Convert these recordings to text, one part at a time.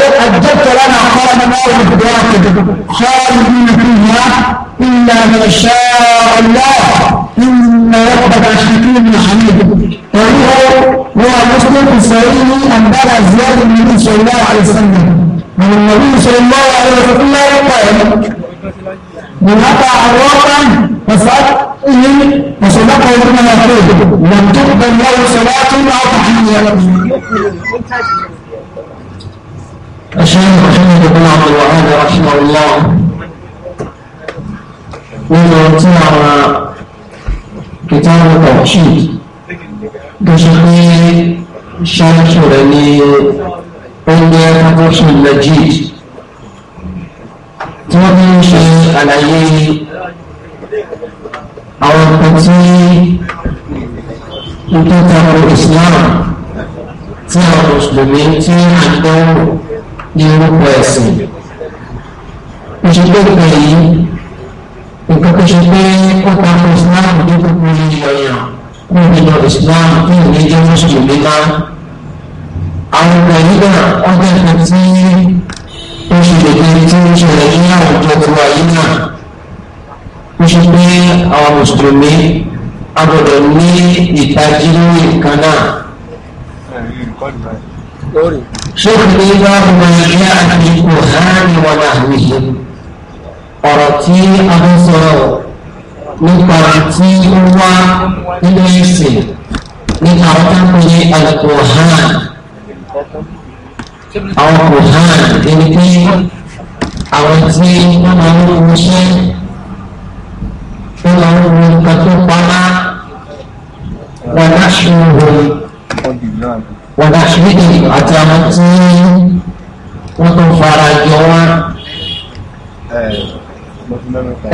أجبت لنا خالد الله بقدراتك خالدين فيها إلا ما شاء الله إن ربك حكيم حميد وهو هو مسلم إسرائيلي أنبأنا زياد بن النبي صلى الله عليه وسلم من النبي صلى الله عليه وسلم قال من أتى عراقا فسأل إليه وصدقه بما يقول لم تقبل له صلاة أو تحية الشيخ محمد بن عبد الوهاب رحمه الله ومن ترى كتاب التوحيد كشيخ شرح لني أنبياء الروح المجيد تابع شيخ علي أو القتيل يتتبع الإسلام تابع المسلمين تابع ní orúkọ ẹ̀sìn òṣìṣẹ́ òkè yìí nǹkan kan ṣe pé ó pa ọmọ islam ní gbogbo ìyọ̀yàn ní ìjọ islam ní ìlẹ́jọ́ mùsùlùmí náà àwọn ọmọ ìgbà ọgbẹ́ kan tí ó ṣe lè gbé tí ó ṣẹlẹ̀ ní àwùjọ tó wà yìí náà ó ṣe pé àwọn mùsùlùmí a gbọ́dọ̀ ní ìtají lórí nǹkan náà ṣóòlì wà wọ̀nyí àti kòhánì wọn àwòyé ọ̀rọ̀ tí a ń sọ nípa tí ó wá nínú ẹ̀sìn nípa ọ̀tá pé alukóhánì àwọn kòhánì ẹni pé àwọn tí wọ́n máa ń wo iṣẹ́ wọ́n máa ń wo nǹkan tó pamá wọn láṣù wọn wọ́n àṣírí àti àwọn tí wọ́n tó fara jọ wọ́n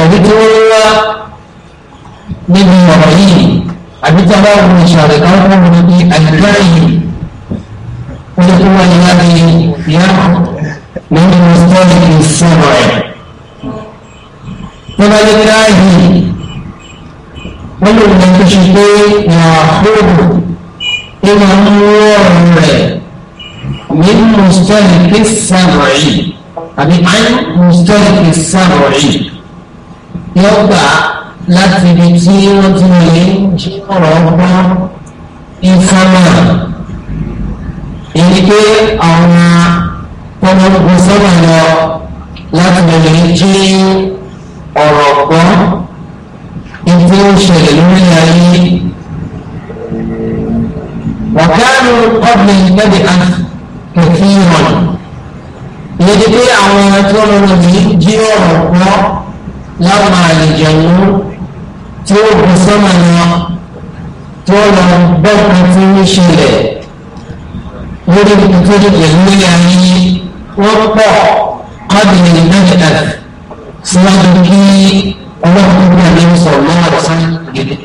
ẹ̀rí tí wọ́n wá níbi ọ̀rọ̀ yìí àbí tí a bá wọ́n ìṣàrẹ̀ kan fún mi níbi àyíká yìí ó lè tó wáyé láti yá lórí mọ́tọ́lì ìṣòro ẹ̀ tó bá lè ká yìí wọ́n lè wọ́n tó ṣe pé wọ́n á fóònù ló máa ń rọrùn rẹ̀ ní mustahiki sábọ̀ọ̀yì àbí àyìn mustahiki sábọ̀ọ̀yì yóò gbà láti ibi tí wọ́n ti lè ń jí ọ̀rọ̀ ọgbọ́n ìfọ́nà èyí pé àwọn ọmọkùnrin sábà lọ láti lè jí ọ̀rọ̀ ọgbọ́n ìfẹ́ òṣèlú lórí ayé. وكانوا قبل بدءا كثيرا ìyẹn pé àwọn ẹran tí wọn lọ ní jí ọ̀rọ̀ pọ̀ láwọn àlejànú tí ó bù sọmọ wọn tí wọn lọ bọkàn tí ń ṣẹlẹ̀ lórí nítorí ìlú ayé wọn pọ̀ kọbìnrin nígbàdàn síwájú kí ọlọ́pàá gbọ́dọ̀ ní sọ̀rọ̀ lọ́wọ́ sáré gidi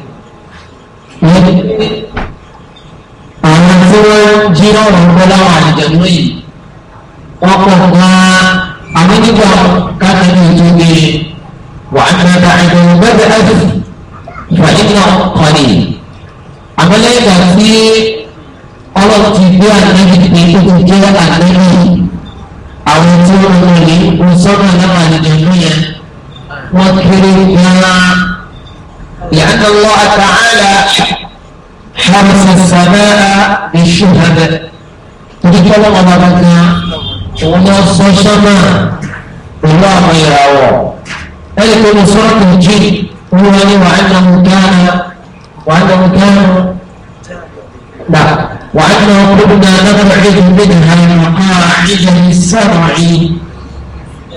tí wọ́n ń jíròrò pẹ̀lú àwọn àlejò yìí wọ́n pọ̀ gan-an àmọ́ nígbà káàkiri ètò ìgbé wàhálà dàgbà bẹ́ẹ̀ bẹ́ẹ̀ fàyínà kọ́ni àmọ́ lẹ́yìn ìgbà tí ọlọ́run ti gbé ànábi pé ó ti jẹ́ ànábi àwọn tí wọ́n wọ̀ ní ọ̀sọ́nà náà àlejò yẹn wọ́n kéré gan-an yàtọ̀ lọ́wọ́ àtàlà. حرس السماء بالشهداء تذكر ضربتنا ونص الشماء الله يراوه ألك من سورة هو ولي وأنه كان وأنه كان لا وأنه كنا نبعد منها المقاعد السرعي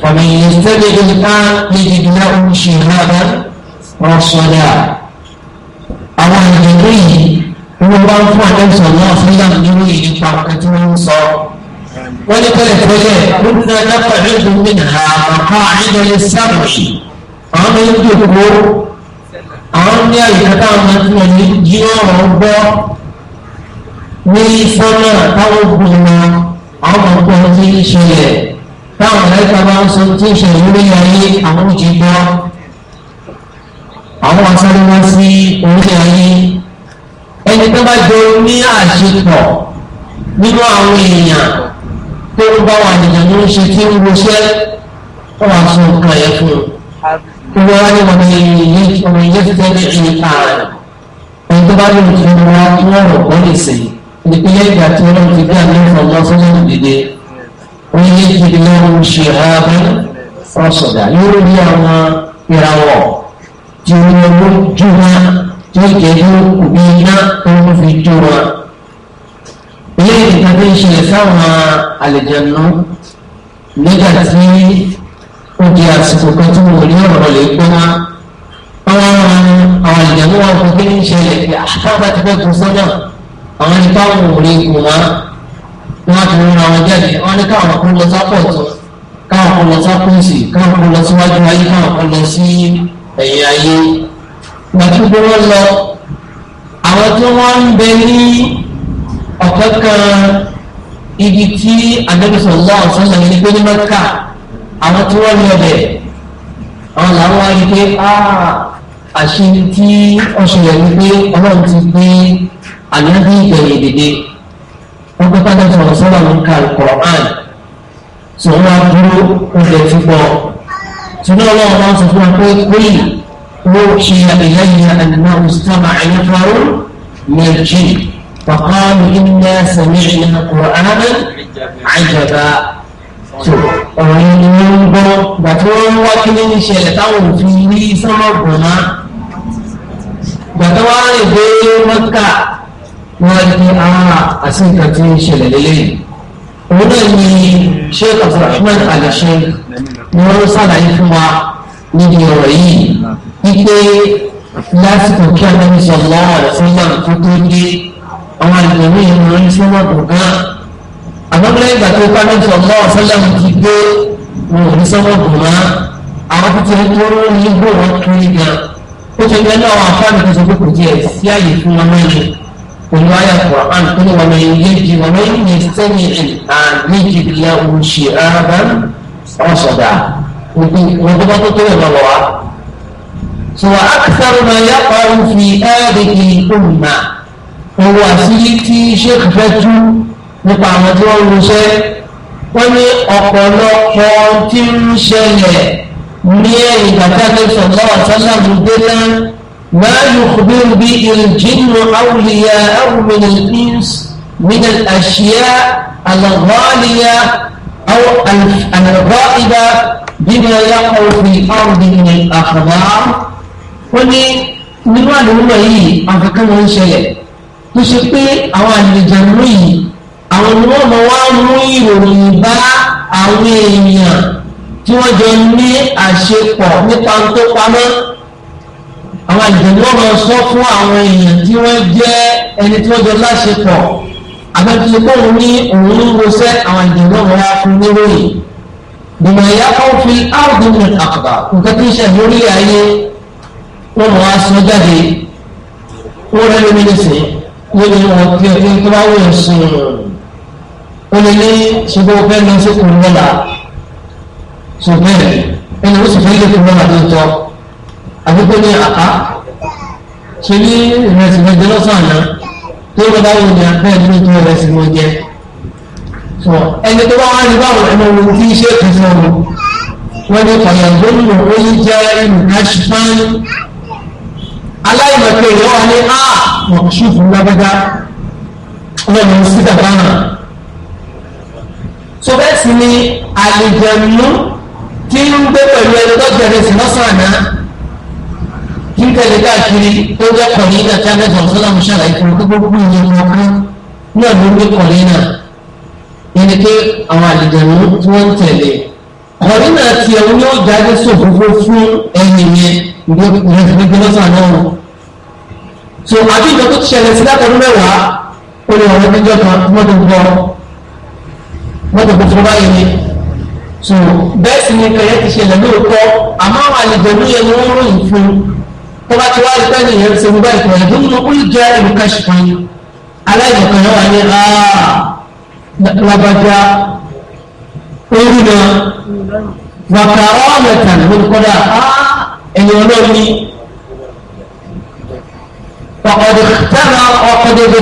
ومن يستمع الآن يجد له شهادا رصدا أو يجريه wọ́n bá fún àdéhùn náà sílẹ̀ nínú ìyí pa nǹkan tí sọ. wọ́n ní pẹ́lẹ́ pẹ́lẹ́ kúndà dápẹ́ nínú nínú àmàkà àìdọ́lẹ̀ sábàṣì àwọn ọmọ yìí dòkó àwọn ní àyíká táwọn máa ń tún yí ọ̀rọ̀ gbọ́ ní sọ́nà táwọn gbìmọ̀ àwọn ọmọ ọgbọ́n tí ń ṣẹlẹ̀ táwọn ẹ̀ka bá ń sọ tí ṣẹlẹ̀ lórí ayé àwọn òjì tó bá jọ ní àṣepọ̀ nínú àwọn èèyàn tó ń bá wà nìyẹn ló ń ṣe tí ń wọṣẹ́ wọ́n wá sọ nǹkan yẹn fún un gbogbo wa ní ọmọ ìyẹn ọmọ ìyẹn ti tẹ́lẹ̀ ẹ̀yìn ààrẹ ẹni tó bá lóun fún wa wọ́n rọ̀ wọ́n lè sè é ìpínlẹ̀ ìgbà tí wọ́n ti bí àmì ìfọ̀mọ́ fún wọn dìde wọ́n yé ìdílé wọn ṣe ààbẹ̀ ọ̀sọ̀dà yóò rí àwọn ìràwọ̀ tí wọ́n lójú wọn tí ó jẹ́ yóò kù bí iná òun fi jó wa eléyìí nǹkan tó ń ṣẹlẹ̀ sáwọn àlejànú nígbà tí ó di àsìkò kan tí mo rí ọ̀rọ̀ lè gbọ́ wá àwọn àwọn àlejànú wọn kò kí ń ṣẹlẹ̀ àtàwọn ah, ti fẹ́ tó sọ́nà àwọn nípa wọn ò rí ikùn wá wọn ti rìn àwọn jáde wọn ní káwọn kó lọ sápọ̀ káwọn kó lọ sápọ̀ káwọn kó lọ síwájú ayé káwọn kó lọ sí ẹ̀yìn ayé gbàtí gbogbo wọn lọ àwọn tí wọ́n ń bẹ ní ọ̀kẹ́ kan ibi tí adébísọ̀ lọ́wọ́ ọ̀sán náà ní gbé ní mẹ́ka àwọn tí wọ́n lọ bẹ̀ àwọn làwọn wáyé pé ah, àṣírí tí ọ̀ṣun yẹn ní pé ọlọ́run ti gbé ànábì ìgbẹ̀yìn dìde wọ́n pẹ́ pátá sọ̀rọ̀ sọ́nà ń ka Al-Qur'an sọ̀rọ̀ wá dúró oúnjẹ ti pọ̀ ṣùgbọ́n ọlọ́run máa ń sọ fún wa pé pé أوحي إلي أنه استمع نفر من الجن فقالوا إنا سمعنا قرآنا عجبا ọ̀rọ̀ yìí ni wọ́n ń gbọ́ gbà tí wọ́n ń wá kí ní ìṣẹ̀lẹ̀ táwọn òfin ní sọ́mọ̀gbọ̀nà gbà tó wá rìn dé mọ́kà wọ́n ní ara àti nǹkan tí ń òun náà ni Sheikh wípé lásìkò kí anábì sọ̀lá ọ̀sánlá tó tó dé àwọn àgbẹ̀wé ìrìn ní sọ́wọ́dù gan àbọ̀bọ̀lẹ́ ìgbà tó bá anábì sọ̀lá ọ̀sánlá ti dé wọn ò ní sọ́wọ́dù mọ́ àwọn tó ti rí tó rú ní gbò wọn kiri gan ó ti gbẹ́ náà wọn afáàlù tó sọ pé kò jẹ́ sí àyè fún wọn mẹ́rin pẹ̀lú àyà Qur'an tó ní wọn lẹ́yìn yéèjì wọn lẹ́yìn ní sẹ́yìn àníjì ìlà òun ṣe ààbà ọ̀sọ̀dà òkú wọn tó bá tó tó yẹ̀ lọ́wọ́ wa. سوى أكثر ما يقع في هذه الأمة هو سيتي شيخ فتو نقامة ونسي ومي أقول قاتل شيء مي كتاب صلى الله عليه وسلم دلا ما يخبر به الجن أولياء أو من الإنس من الأشياء الغالية أو الغائبة بما يقع في أرض من الأخبار ó ní nínú àdúgbò yìí àkàkọ́ wọn ń ṣẹlẹ̀ tó ṣe pé àwọn àlejànú yìí àwọn ni wọ́n mọ̀ wá mú ìròyìn bá àwọn èèyàn tí wọ́n jọ ní àṣepọ̀ nípa tó pamọ́ àwọn àlejànú wọn máa sọ fún àwọn èèyàn tí wọ́n jẹ́ ẹni tí wọ́n jọ láṣepọ̀ àbẹ̀tí bóun ní òun ń wọṣẹ́ àwọn àlejànú wọn wá fún níròyìn bùnà ìyá kan fi áwùjọ mi àkàbà nǹkan tí ń ṣe lórí ayé wọ́n mọ̀ wá sọ jáde wọ́n rẹ́ lómi nísìnyí wọ́n ní wọn kí ọdún tó bá wọ̀ sùn wọ́n lè ní ṣùgbọ́n fẹ́ lọ sí kùn lọ́la ṣùgbọ́n ẹni wọ́n sì fẹ́ lé kùn lọ́la tó tọ́ àdúgbò ní àká ṣe ní ìrẹsì mẹ́jọ lọ́sàn-án náà tó lọ bá wọ̀ ní abẹ́ ẹni tó ìrẹsì mọ́ jẹ́ ẹni tó bá wá ní báwọn ẹni ohun tí iṣẹ́ kìí fún wọn wọ́n ní gómìnà ó ní jẹ́ ìrù aláìmọ̀pẹ̀ yẹn wà ní a ah, mọ̀ṣúfù lágbádá lọ́nà sídà bára so bẹ́ẹ̀ sì ni àlejànú tí ń gbé pẹ̀lú ẹni tó jẹrẹ sí lọ́sàn-án kí n tẹ̀lé káàkiri tó jẹ́ kọ̀ọ̀ní náà tí a bẹ̀ sọ̀rọ̀ sọ́lá musa láì fún un gbogbo gbogbo ìyẹn ní ọkùnrin náà ló gbé kọ̀ọ̀ní náà ẹni pé àwọn àlejànú tí wọ́n ń tẹ̀lé kọ̀ọ̀ní náà tiẹ̀ ń yóò jáde sófófó fún ẹni yẹn ìgbìmọ̀ sàn náà so àbí ìjọ tó ti ṣẹlẹ̀ sí látọ̀dún mẹ́wàá ó lè ọ̀rọ̀ níjọ́ kan mọ́tò gbọ́ mọ́tò gbogbo báyìí ni so bẹ́ẹ̀ sì ni kẹ̀yẹ́ ti ṣẹlẹ̀ lóòótọ́ àmọ́ àwọn àlejò níyẹn ni wọ́n ròyìn fún un tó bá ti wá rí pẹ́ẹ́nì yẹn ṣe mú báyìí pẹ̀lú ìdúró ló kúlù jẹ́ ìlú kẹ́sìkan aláìmọ̀kan náà wà ní lábàjá orí náà wàkàrọ̀ ọ̀mẹ̀tàn lórúkọ dáa ẹni olómi ọ̀kọ̀dẹ̀dẹ̀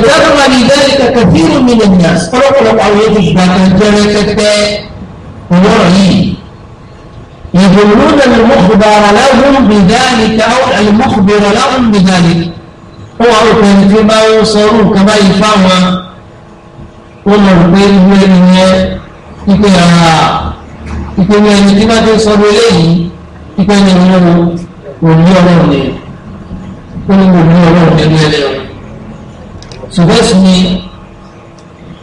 tẹ́lẹ̀ wà ní ìdẹ́rẹ́ kẹ̀kẹ́ fíìrù mi lè nà ọ̀pọ̀lọpọ̀ àwọn ètò ìgbàgbọ́ jẹ́rẹ́ kẹ́kẹ́ ọ̀rọ̀ yìí يظنون المخبر لهم بذلك أو المخبر لهم بذلك ó wà lóko ẹni tí bá ń sọrú nǹkan báyìí fáwọn ó lọ pé ìwé ìyẹn ìpè ara ìpè ní ẹni tí bá ti sọrú eléyìí ìpè ní ìwé òní ọlọ́run ni ó ní òní ọlọ́run ẹni ẹlẹ́rọ ṣùgbọ́n sì ni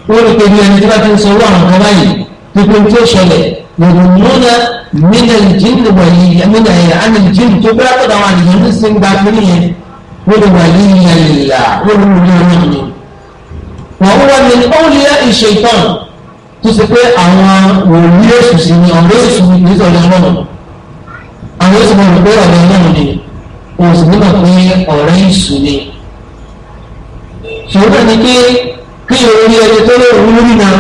ó rí pé ní ẹni tí wọ́n ti ń sọ owó àwọn kan báyìí pípé tí ó ṣẹlẹ̀ yòròmúnà nínú ìjìnlẹ̀ wọ̀nyí nínú ẹ̀yà àmì ìjìnlẹ̀ tó bẹ́rẹ̀ tó dáwọn àdìyàn ní sí ń gba fúnni yẹn wọ́n lè wà ní ilẹ̀ ìlà wọ́n lè wọ́n lọ́wọ́ ni. wọ́n wọ́n ní ọ̀lẹ́ ìṣe ìtàn tó ṣe pé àwọn òní èṣù sí ni ọ̀rẹ́ èṣù ní ìtọ́jú ọlọ́run àwọn yóò sì máa rò pé ọ̀rẹ́ ọlọ́run ni òun sì nígbà pé ọ̀rẹ́ ìṣù ni ṣùgbọ́n ní pé kí orí ẹni tó lé òun lórí náà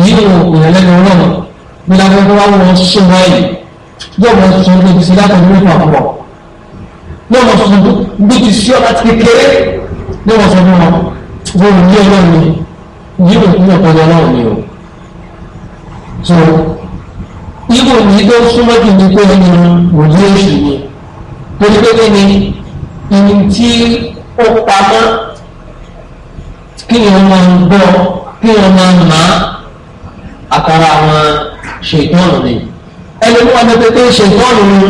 yìí ò ìrẹ̀lẹ́nu ọlọ́run bí lábẹ́ wá wọn sọ wáyé yóò mọ sọ lóbi sí látàrí nípa àpọ̀ yóò mọ sọ bí ti sí ọ̀la ti kékeré yóò mọ sọ fún wọn wọn ní ọlọ́run ni yìí ò ní ọ̀pọ̀lọpọ̀ ọlọ́run ni o ibo ní tó súnmọ́ jù ní pé ẹni òye èṣù ni torí pé kí ni ìní tí ó pamọ́ kí ni wọ́n ń gbọ́ kí ni wọ́n ń mọ̀ àtàrà àwọn ṣètọ́nù ni ẹni wọ́n ní pé pé ṣètọ́nù ni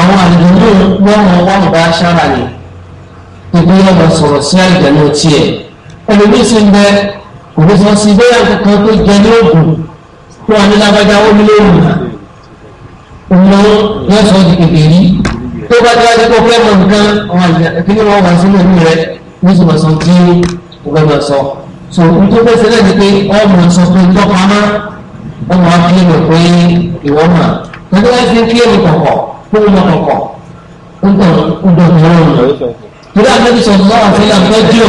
àwọn àlejò náà wọ́n wọ́n bá ṣára ni ìgbéyàwó lọ sọ̀rọ̀ sí àìjẹ́ náà tiẹ̀ ẹni ní sí ń bẹ òfin sọ sí bóyá nǹkan tó jẹ ní òògùn kó wa ní lágbájá ó ní lóru ọmọ wọn sọ di kékeré tó bá dé wájú kó fẹ́ mọ nǹkan ọmọ àgbà kí ni wọ́n wà sínú ẹ̀mí rẹ wọ́n sì sọ tí o bá máa sọ so n tó fẹ́ sílẹ̀ ni pé ọmọ sọ pé tọ́pamọ́ ọmọ akéwì pé ìwọ́n mà tọ́jú wá sí kéwì kọ̀kọ̀ kó o mọ kọ̀kọ̀ ó dọ̀ ó dọ̀ tó rọrùn torí àtẹ́bí sọ fún wa fẹ́lẹ́ àtọ́jú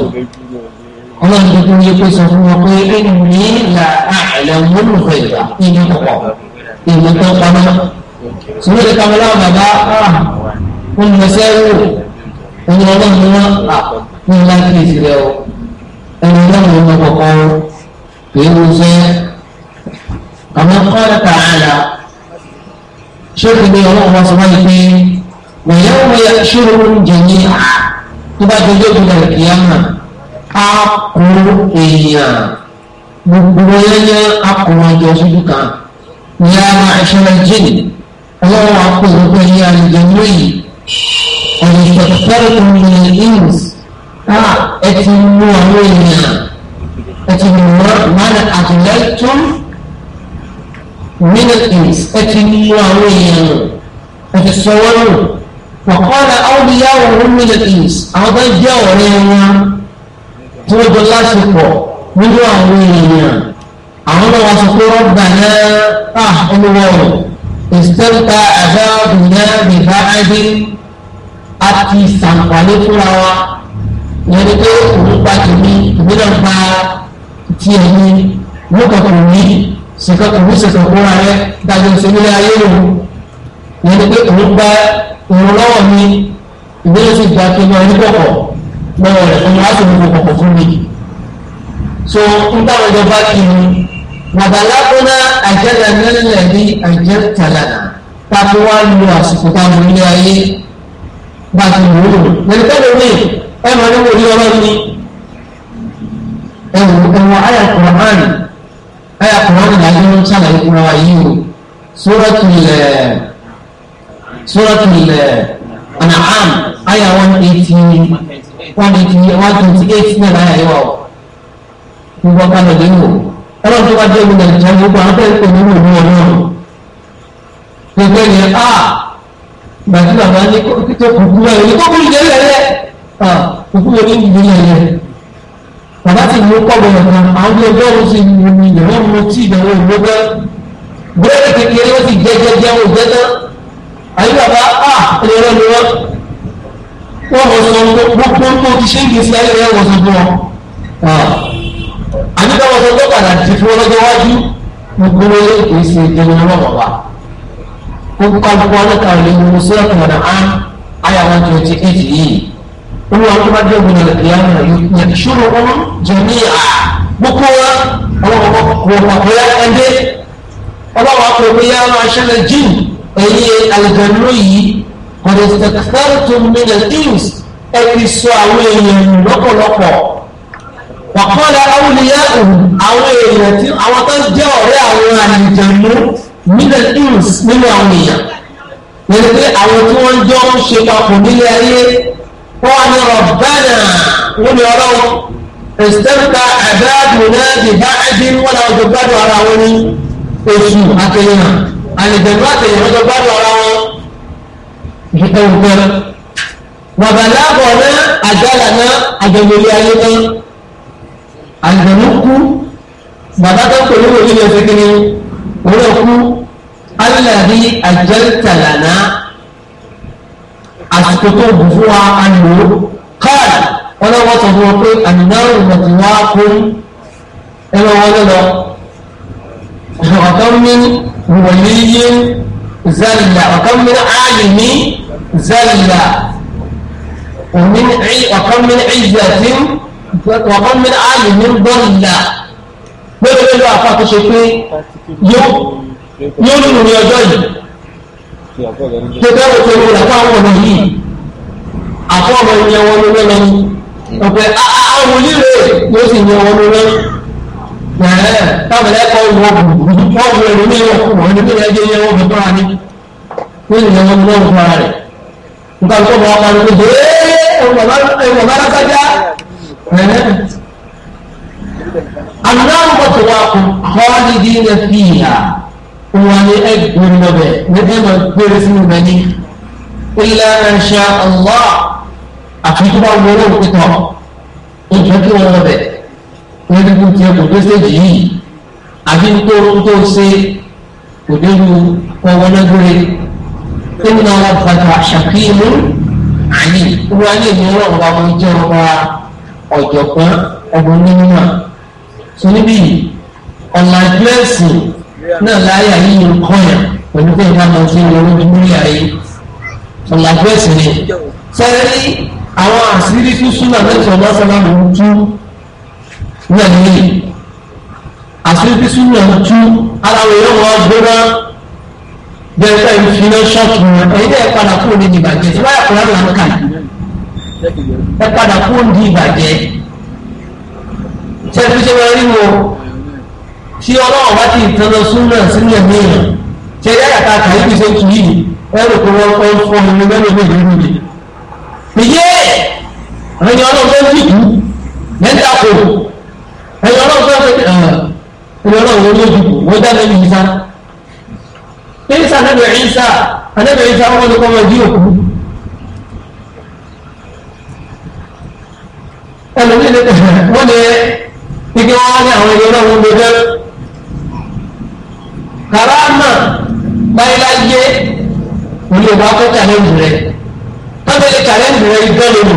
ọmọ ọlọ́run gbogbo yẹ kó sọ fún wọn pé ẹnu mi là àlẹ́ múlù fẹ̀yà nínú pọ̀ ìlú tó pamọ́ sùgbọ́n ìta wọn láwọn bàbá wọn lọ sẹ́wọ̀ ẹni ọlọ́run ni wọ́n ah, ní wọn láti fi ìsìlẹ̀ o ẹni ọlọ́run ni kọ̀kọ́ kì í wo sẹ́ àwọn kọ́lá tààlà ṣé o ti gbé ọlọ́run wọn sọ wáyé pé wọ́n yẹ wọ́n yẹ ṣé o ń jẹ ní tó bá dojú ìgbà ìkìyàmà akọ èèyàn gbogbo yẹnyẹ akọ ọjọ sójú kan ya ma'ashara jinn ọlọ́wọ́ akọ ìrọ̀gbọ́ yẹn àlejò lóyè ọ̀rọ̀ ìṣẹ̀fẹ́rẹ́ tó ń yẹ ins a ẹ ti mú àwọn èèyàn ẹ ti mú mọ́nà àjẹlẹ́tún mínú ins ẹ ti mú àwọn èèyàn ẹ ti sọ wọ́n nù wọ́n kọ́ ọ́ yà wọ́n mú ins àwọn bá jẹ́ ọ̀rẹ́ wọn tí wọ́n jọ láṣepọ̀ nínú àwọn èèyàn àwọn náà wá sọ pé wọ́n gbà náà à ah, olówó rẹ̀ ìsẹ́ńtà àdáàbùnà nìbá ádé àti ìsàǹpàlẹ́ fúnra wa wọ́n ní pé òun gba tèmi ìwé náà gba tiẹ̀ ní wọ́n kọ̀ kọ̀ wí sìkọ̀ kọ̀ wí sìkọ̀ kọ̀ rẹ̀ dájọ́ ìṣẹ́lẹ̀ ayé òun wọ́n ní pé òun gba òun mi ìwé sì gba tèmi ọ̀rẹ́ lọ́wọ́ rẹ̀ fún mi láti mú kọ̀kọ̀ fún mi. so n táwọn ìjọba kì í wàbàlábọ́nà àjẹ́lẹ̀ mẹ́lẹ̀ ní àjẹ́ tàlànà tàbí wá lu àsìkò táwọn ilé ayé bá ti wò ó lẹ́nu tẹ́lẹ̀ mi ẹ máa ní wòlíì ọlọ́run ni ẹ̀wọ̀n ẹ̀wọ̀n àyà kọ̀ọ̀hán àyà kọ̀ọ̀hán ni àjẹ́ ń sàlàyé fún wa yìí o sóràtù ilẹ̀ sóràtù ilẹ̀ ànàhàn àyà one one eighty one twenty eight náà náà yẹ wà ó gbogbo ọba náà lẹ́yìn o ọlọ́run tó bá jẹ́ ìlú nàìjíríà gbogbo àwọn tó ń pè nínú ìlú ọlọ́run gbogbo yẹn a gbàtí bàbá ní tó kúkú náà yẹ kó kúrú ìdẹ́rẹ́ rẹ kúkú wọn ní ìlú yẹn yẹn bàbá ti mú kọ́ bọ̀yọ̀ kan àwọn tó bẹ́ẹ̀ sì mú mi ìyàwó mu tí ìyàwó ìlú bẹ́ẹ̀ búrẹ́dì kékeré ó sì jẹ́jẹ́jẹ́ ó jẹ́ tán àyè bàbá a ìrẹ́lẹ́ ni wọ́n wọ́n wọ́n sọ gbogbo tó ti ṣe ìgbésí ayé rẹ̀ wọ́n sọ fún ọ. Ah. àbíkọ́ wọ́n sọ tó padà ti fún ọlọ́jọ́ wájú gbogbo wọlé kìí ṣe ìdíwọ́n ọlọ́wọ́ wa. gbogbo kálukú ọlọ́ka ò lè mú sílẹ̀ kan náà án ayé àwọn tó ti ké ti yìí. olúwa tó bá dé ògùn náà kìí àwọn èèyàn ìṣòro wọn jẹ ní à gbogbo wa ọlọ́wọ́ kọ̀ọ̀kọ̀ọ̀yà ẹ̀dẹ́ ọlọ́wọ́ kọ̀ọ̀kọ̀yà máa ṣẹlẹ̀ jíì kọ̀dé tẹ̀kẹ́rẹ́ tó mílẹ̀ ìns ẹ̀rí sọ àwọn èèyàn lọ́pọ̀lọpọ̀ wàkọ́lẹ̀ awúlíyá àwọn èèyàn tí àwọn tó jẹ́ ọ̀rẹ́ àwọn àlìjẹ̀mú mílẹ̀ ìns nínú àwọn èèyàn lẹ́nu pé àwọn tí wọ́n jọ ń ṣe papọ̀ nílé ayé wọ́n ní rọ̀bánà wọ́n ní ọlọ́run ìsẹ́ńtà àdáàbùnà dìbà ẹ̀dín wọ́n làwọn jọ gbádùn ara wọn ní oṣù àtẹ̀yìn àlìjẹ̀mú àtẹ̀yìn wọ́n jọ gbádùn ara wọn gbígbóngbọ́n wàbàlá bọ̀ náà àjálà náà àjọyọ̀lẹ̀ ayé náà àjọyọ̀ kú bàbá tó pè ní wòlíì lọ sí kíni wọ́n kú alàbí àjẹtàlà náà àsìkò tó bù fún wa àlò káàdì wọn náà wọ́n sọ fún wọn pé àmìnáwó ìmọ̀tì wá fún ẹ lọ́wọ́ lọ́lọ́ ọ̀kan ní wòlíì yé zàlìlà ọ̀kan ní ààyè ní zalla ومن عي وكم من عزة وكم من عالم ضل lórí pẹ̀lú àfa tó ṣe pé yóò lù ní ọjọ́ yìí tó bẹ́ẹ̀ tó lù làpá àwọn ọmọ yìí àfọ ọmọ ìyẹn wọn ló lọ́nà ọ̀pẹ àwọn onílé yóò sì yẹn wọn ló lọ́nà ẹ̀ẹ́ táwọn ẹ̀kọ́ wọ wọ́n wọ ẹ̀rọ ní ìwọ̀n ẹ̀rọ ní ìwọ̀n ẹ̀jẹ̀ yẹn wọ́n fi bá wa ní wọ́n yẹn wọn lọ́nà fún ara rẹ̀ nígbà tó mọ ọmọ rẹ lóde ẹwọ bá lágbájá anáwó bá tó wá kún kọ́ọ́lìdì rẹ fi hà wọn ni ẹ gbóni lọbẹ ní ẹ máa gbére fún mi ní ilé ẹnṣẹ ọlọ àfi tó bá ìjọ kí wọn lọbẹ wọn ní kó tiẹ̀ kó dé séjì yìí àbí nítorí tó ṣe kò dé lu kọ wọlé gbére inna rabbaka shakirun ali wọ́n lè ní ọ̀rọ̀ ọba wọn jẹ́ ọba ọ̀jọ̀gbọ́n ọba onímọ̀ tó níbí ọ̀nà àdírẹ́sì náà láyà yìí ń kọ́yà pẹ̀lú pé ìgbà máa fi ń lọ lórí múlẹ̀ ayé ọ̀nà àdírẹ́sì ni sẹ́rí àwọn àṣírí tó súnà lẹ́sọ̀ náà sábà ń tú náà ní àṣírí tó súnà ń tú ara rẹ̀ yóò wọ́n gbéra bẹ́ẹ̀ fẹ́ ìfiná ṣọ́ọ̀tù wọn èyí tẹ́ ẹ padà kúrò ní ìbàjẹ́ tí wáyà kúrò láti wọn kà ní ẹ padà kúrò ní ìbàjẹ́ ṣé fíṣe wọn rí wo tí ọlọ́wọ́ bá ti tán lọ súnmọ́ sílẹ̀ mìíràn ṣe yáyà ká kà yí fíṣe kì í ẹrù kó wọn kọ́ fún ọmọ mi mẹ́rin mi ìlú mi. ìyé ẹ̀yin ọlọ́wọ́ ń dìbò mẹ́ta kò ẹ̀yin ọlọ́wọ́ ń dìbò ẹ̀yin ọlọ́wọ́ ń dìbò Isa anabi Isa anabi Isa wọn ni kọ́mọ di òkú. ẹlòmíì ni wọ́n ní ike wọn ní àwọn ẹgbẹ́ náà wọ́n gbé bẹ́ẹ̀. kàrámà báyìláyé òní ìwà tó challenge rẹ̀ kábẹ́lẹ̀ challenge rẹ̀ ìbẹ́lẹ̀ lò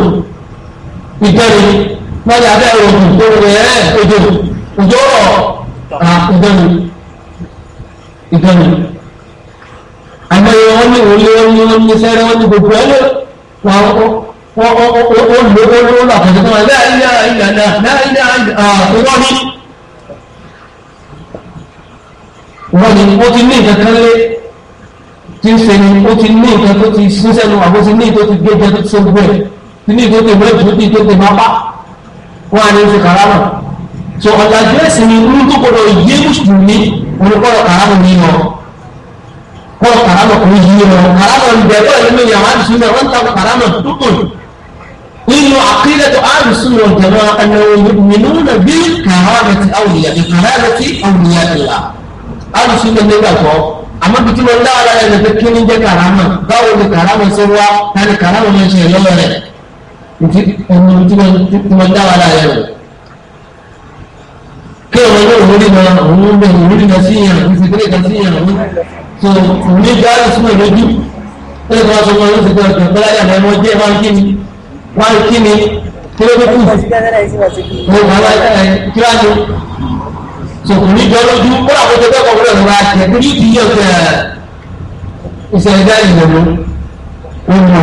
wọ́n ní abẹ́ òògùn tó rẹ̀ ojú òjò rọ̀ ìbẹ́lẹ̀ ìbẹ́lẹ̀ àmọ́ wọn ní òun lé wọn ní sẹ́rẹ́ wọn ní gbogbo ẹ̀ lé wọn ó lò ó lò àkàtà tó wà láìlá ìlànà láìlá àtúwọ́rí. wọ́n ní ó ti ní ìkankan lé tí ń sẹ́ni ó ti ní ìkan tó ti sín sẹ́nu àbó ti ní ìtó ti gbé jẹ́ tó ti sógbó ẹ̀ ti ní ìtó ti wé ìtó ti ìtó ti máa bá wọn á ní oṣù kàrámà. so ọ̀làjú ẹ̀sìn ni irú tó gbọdọ̀ yé mùsùlùmí olùkọ́ kàrámà ní ìmọ̀ kọ́ karama kò yí lọ karama ìgbẹ́ bẹ́ẹ̀ nínú yàrá àdùsùn náà wọ́n ta karama dúkùn nínú àkílẹ̀tọ̀ àdùsùn náà jẹ̀mọ́ ẹnìwọ̀n nínú náà bí karamati awùyá karamati awùyá ìlà àdùsùn náà nígbà kọ́ àmọ́ bí kí wọ́n dá ara rẹ̀ lẹ́tẹ̀ kí ní jẹ́ karama báwo ni karama ṣe wá tani karama máa ṣe lọ́wọ́ rẹ̀ nti ẹnu tí wọ́n dá ara rẹ̀ lọ kí wọ́n yóò wúrí náà òun bẹ̀rù wúrí náà sí ìyàn òun sì tó ní dáhùn súnmọ́ lójú ó lè sọ ọmọ ló ti gbọ́ ọ̀gbìn tó láyà náà wọ́n jẹ́ wá ń kí ni wá ń kí ni kí ló dé kù mo máa wá ẹ kí wá ní sọkùn ní jọ lójú kó àkókò tó kọ̀ọ̀kọ̀ lọ́wọ́ ra jẹ́ kí ní ti yẹ ọ̀gbìn ìṣẹ̀lẹ̀ dáhùn ìwọ̀n ọmọ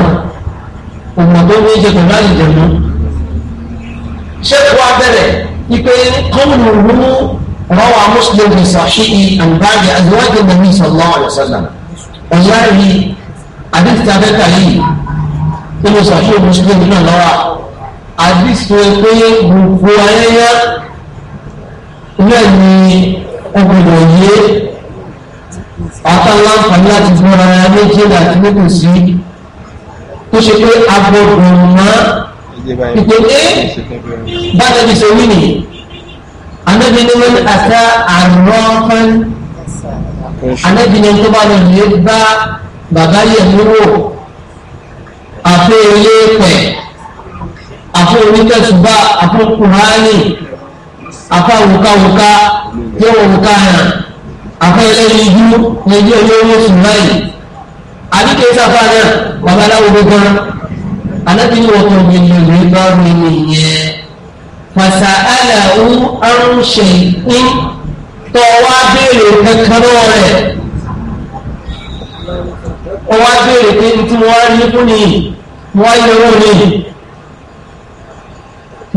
ọmọ tó ní ṣe pẹ̀lú àyè jẹ̀mú ṣé kó abẹ́rẹ́ ìpè kọ́mùnù روى مسلم في صحيحه عن بعض ازواج النبي صلى الله عليه وسلم والله حديث ثابت عليه انه صحيح مسلم من الله حديث tó yẹ pé gbogbo ayẹyẹ náà ni ọgbọdọ yé àtàlàǹfààní láti fúnra ara méjì láti méjì sí tó ṣe pé agbọdọ mọ pípé bá dẹbi ṣe wí nìyí anda bini anabi ni wọn ata arọfan anabi ni tó bá lọ lè bá bàbá yẹmúrò àfọ eléèpẹ àfọ onítẹsùbà àfọ apa àfọ awùkawùka yẹwò wùka hàn apa ẹlẹyìn ijú ní ẹjẹ olówó sùnmáì àbíkè sáfà náà babaláwo gbogbo anabi ni wọn kọ ní ìlú ìbáwí nìyẹn fàṣà àlàó arúnṣe ìpín tó wá béèrè kankan lọ́wọ́ rẹ̀ ó wá béèrè pé tí wọ́n á ní fún ni wọ́n á yẹ̀wò ni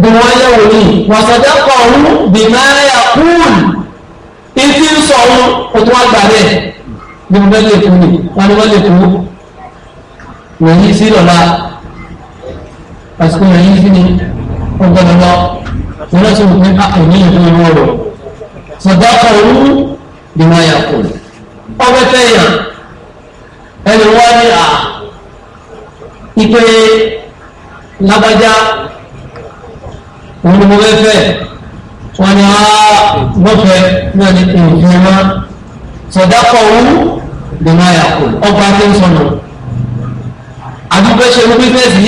bí wọ́n á yẹ̀wò ni wàṣàdá bí máa yà kúùlù ìdí ń sọ ọ̀hún ó tún wá gbà bẹ́ẹ̀ bí mo bẹ́ lè kú ni wọ́n á ní wọ́n lè kú wòye sí lọ́la àsìkò yẹn yìí sí ni ọgbọ́n lọ wọ́n sì ní àkùnrin ìlú ìlú ọ̀rọ̀ sọ̀dọ́kọ̀ òun ni wọ́n yà kù ọbẹ̀ fẹ́ yàn ẹni wọ́n ní à ah, ipe lágbájá òun ni mo fẹ́ fẹ́ wọ́n ní á ah, mọ̀fẹ́ náà ní ìfún wa sọ̀dọ́kọ̀ ni wọ́n yà kù ọgbà tó ń àdúgbò ṣe ń gbé bẹ́ẹ̀ sí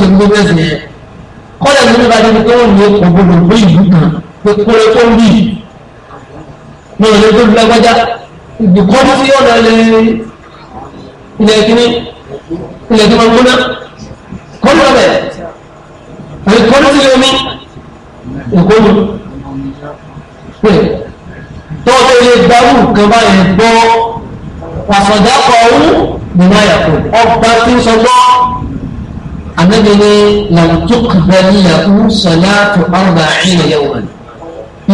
ṣe ń gbé yẹn kọ́lẹ̀ ló ní bá débi pé wọ́n ní ọ̀gbọ́dọ̀ pé ìlú kan pé kúrẹ́ tó ń bì ní ìlú tó ń lágbájá ìdìkọ́ sí ọ̀nà ilẹ̀ kíní ilẹ̀ tó máa ń gbóná kọ́lẹ̀ ọ̀bẹ̀ àbí kọ́lẹ̀ sí omi èkó mu pé tọ́jú ilé gbàrú kan báyẹn gbọ́ wàsàdá kọ̀ọ̀rú nìyá yàtọ̀ ọgbà tí ń sọ gbọ́ anabi ni làtúkbẹ́lìyà ń sọ̀lá tó ọ̀rọ̀ àìyàn yẹn wọn.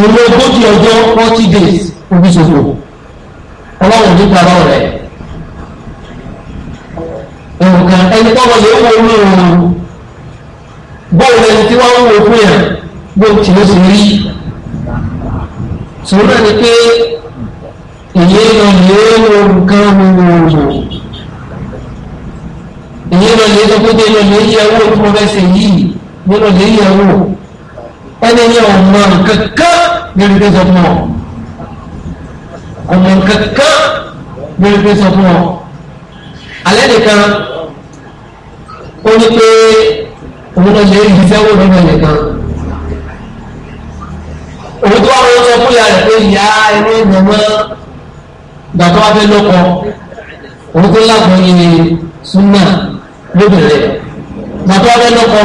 ìwé ogójì ọjọ́ forty days omi ṣòfò ọlọ́run ní parọ́ rẹ̀. nǹkan ẹni tọ́wọ́ yẹn wọ orí oòrùn bóun ẹni tí wọ́n ń wo fún yàn bó ti ló sì rí. sọ̀rọ̀ ni pé ìyẹn lọ yẹn lọ nǹkan wọ̀ wọ̀ wọ̀ ìyẹn lọ lè tó pété lọ lè yẹ owó tí mo fẹ́ ṣe yìí mo lọ lè yẹ owó ẹni yẹn ò mọ kankan lórí pé sọ fún ọ ọmọ kankan lórí pé sọ fún ọ alẹ́ nìkan ó ní pé òun lọ lè yí sẹ́wọ́ lọ́wọ́ nìkan òun tó àwọn sọ fún rẹ̀ pé ìyá ẹni ìgbọ̀nmọ́ gbàtọ́ wa fẹ́ lọ́kọ òun tó lágbọ́n yìí súnmọ́ lóbi rẹ̀ bàtọ́ abẹ́ lọ́kọ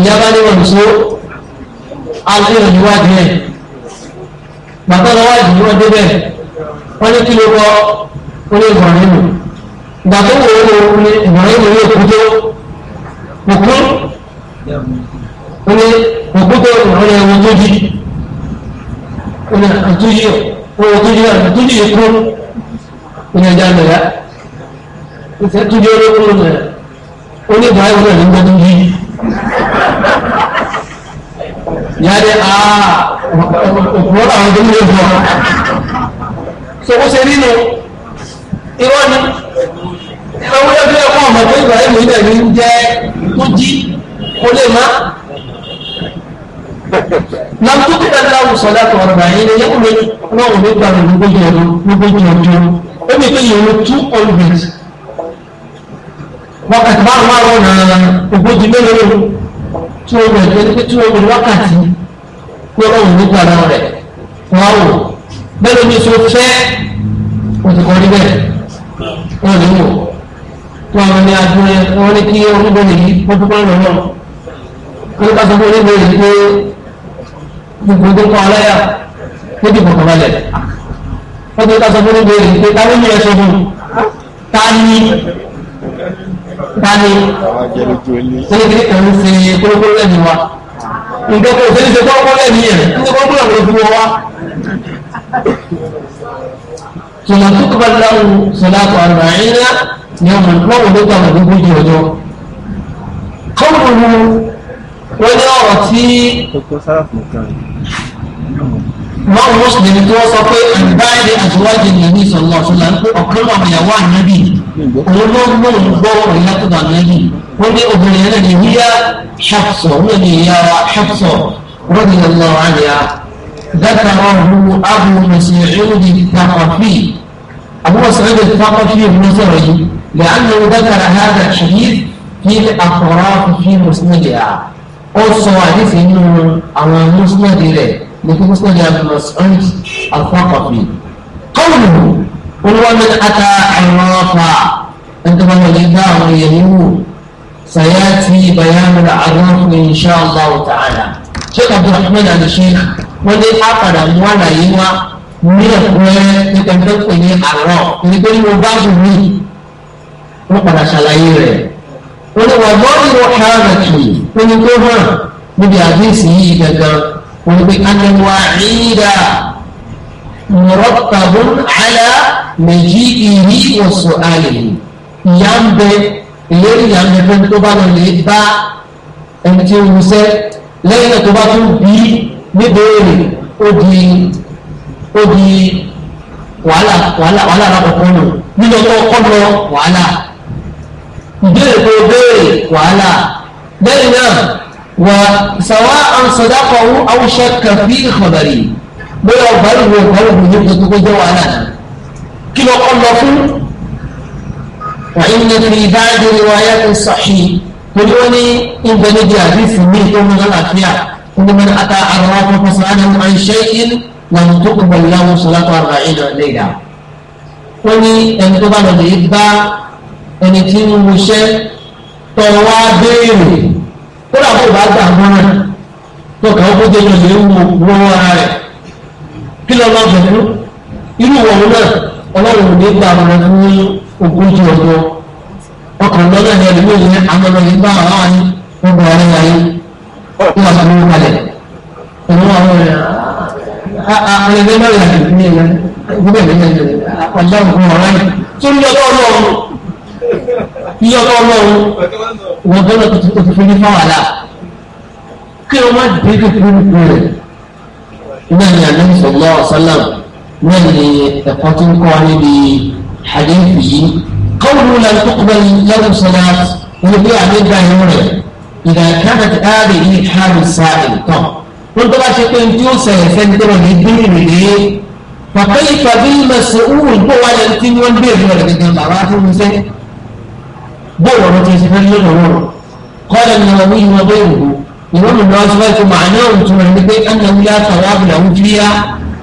ìyába ní wọn tó agbèrò níwájú ẹ̀ bàtọ́ lọ́wájú ni wọ́n débẹ̀ wọ́n ní kí ló kọ́ ó lè gbọ̀n nínú ìgbà tó wò ó lò ó ní ìgbọ̀n nínú yóò kú tó òkú ó ní òkú tó ìgbọ̀n nínú ẹ̀wọ̀n tó jí ó ní àtúnjì ó àtúnjì àtúnjì yìí kú ó ní ẹja mẹ́ra ìfẹ́ tó jí olókùn mẹ́ra oníbàá ìwọlé ní gbẹdú yí yáde aa òkúrọ́ làwọn tó ń lé bọ̀ so ó ṣe nínú irọ́ ni ìrọ̀wé ẹgbẹ́ ẹ̀kọ́ ọmọ pé Ibrahim ilẹ̀ mi ń jẹ́ tó jí kó lè má lọ́tún tí dáadáa wù sọ́dá tó ọ̀rọ̀ bàyìí ni yẹ́kùn mi náà wò ní gbàgbé gbogbo ìyẹn lógójì ọdún ó ní pé ìyẹn ló two wákàtí báwọn máa wọ̀ náà ogójì mélòó tí o bẹ̀rẹ̀ ní tí o bẹ̀rẹ̀ wákàtí kó o wò ní gbàdá rẹ̀ wọ́n wò mélòó ní tí o fẹ́ o ti kọ́ níbẹ̀ wọ́n lè wò wọ́n ní adúlẹ̀ wọ́n ní kí oníbẹ̀rẹ̀ yìí wọ́n tó kọ́ lọ́wọ́ wọ́n ní ká sọ fún oníbẹ̀rẹ̀ yìí pé gbogbo tó kọ́ aláyà tani sẹ́yìn kan fi kólókóló lẹ́nu wa nǹkan kò sẹ́yìn ṣe kólókóló lẹ́nu yẹn ní kólókóló àwọn olùkọ́ wa. sọlá tó kọ́ bá dáhùn sọlá tó àrùn àyínlá ni ọmọ ìgbọ́n wo ló gbà wọn gbogbo ìjọ ọjọ́. kọ́mùnù wọn ní ọ̀rọ̀ tí wọn mùsùlùmí tó sọ pé ìbáyìí àbúwájì nìyí sọlọ ṣọlá ń pé ọ̀kan náà àwọn ìyàwó ànábì òun ló ń lóun gbọ́ ọ̀rọ̀ yàtọ̀ ànábì wọ́n ní obìnrin náà ní wíyá Hafsa wọ́n ní ìyá wa Hafsa wọ́n ní ọlọ́ àyà dákàrọ̀ ọ̀hún abu mẹsìlẹ́ẹ̀ẹ́dì takọ̀fì abu mẹsìlẹ́ẹ̀ẹ́dì takọ̀fì ọ̀hún sọ̀rọ̀ yìí lẹ́yìn ọ̀hún dákàrọ̀ hàdà ṣèyí kí àkọ́rọ̀ fi mùsùlùmí لكن سمع ابن مسعود الثقفي قوله قل ومن أتى عرافا أنت من يداه ويهمه سيأتي بيان العراف إن شاء الله تعالى شيخ عبد الرحمن على الشيخ ولي أقل أموانا يوا من أخوان يتنفقني عراف لكي يباغ مني وقال شلعي رأي ولي من كوها من بيعجيسي جدا وبأن وعيد مرتب على مجيئه وسؤاله ينبه ìlérí yà ń bẹ fún tó bá lọ lè bá ẹni tí ó wusẹ́ lẹ́yìn náà tó bá tún bí níbèrè ó di ó di wàhálà wàhálà wàhálà lákòókò nù nínú ọkọ ọkọ lọ wàhálà ìbéèrè tó béèrè wàhálà lẹ́yìn náà. وسواء صدقه أو شك في خبره bóyá ọgbà ìwé ọgbà ìwé ìwé gbogbo jẹ́ wàhálà kí lọ kọ́ lọ fún wàyí ní fi báyìí ní wáyà tó sàṣì torí wọn ní ìgbẹ́ níbi àdìsí ní ìtọ́nà àlàáfíà wọn ní ata àwọn akọ́kọ́ sọ́dọ̀ ní àìṣe in wọn tó kọ́ bọ̀ láwọn sọ́dọ̀ àgbà ìlọ lẹ́yà wọn ní ẹni tó bá lọ lè bá ẹni tí ń wuṣẹ́ tọ́wọ́ béèrè kódà kó bá gbà gbọ́nà tó kà ó kó jẹ́ jọ wọ ara rẹ̀ kí lọ́ọ́ lọ́ọ́ fẹ̀mú irú wọn náà ọlọ́run ò ní gbà wọn ní ogójì ọjọ́ ọkàn lọ́nà ní ẹni méjì ní amọ̀nà yìí bá àwọn àyè wọn bọ̀ ọ̀rẹ́ ah, ah, ah, wa yìí wọn àti àwọn kalẹ̀ ìlú àwọn rẹ̀ àwọn ẹgbẹ́ náà yà ní ìlú ọ̀dọ́ nǹkan ọ̀rẹ́ wọn gbọ́dọ̀ tó ti fi ní fáwàlà kí wọn má dédé fún ìlú rẹ náà ní ànábì sallallahu alaihi wasallam náà ní ẹ̀kọ́ tó ń kọ́ níbi hadith yìí qawlu la tuqbal lahu salat wọn bí àdéhùn ayé rẹ ìdá kánà ti ààrẹ yìí hàrù sáà tán wọn tó bá ṣe pé tí ó sẹyìn sẹni tó rọ ní bírì nìyí pàpẹ́ ìfàbí mẹsàn-án òun tó wáyé tí wọ́n béèrè rẹ̀ gẹ́gẹ́ bàbá tó ń sẹ́yìn bóòlù ọ̀rọ̀ tí ẹ ti fẹ́ lé lọ́wọ́ kọ́lẹ̀ ní ọmọ yìí wọ́n bẹ́ẹ̀ wò ìwọ́n mi náà ti fẹ́ fi màá náà tún rẹ̀ ní pé ẹnì ẹ̀mí yá kàwé àbùdá ń fi yá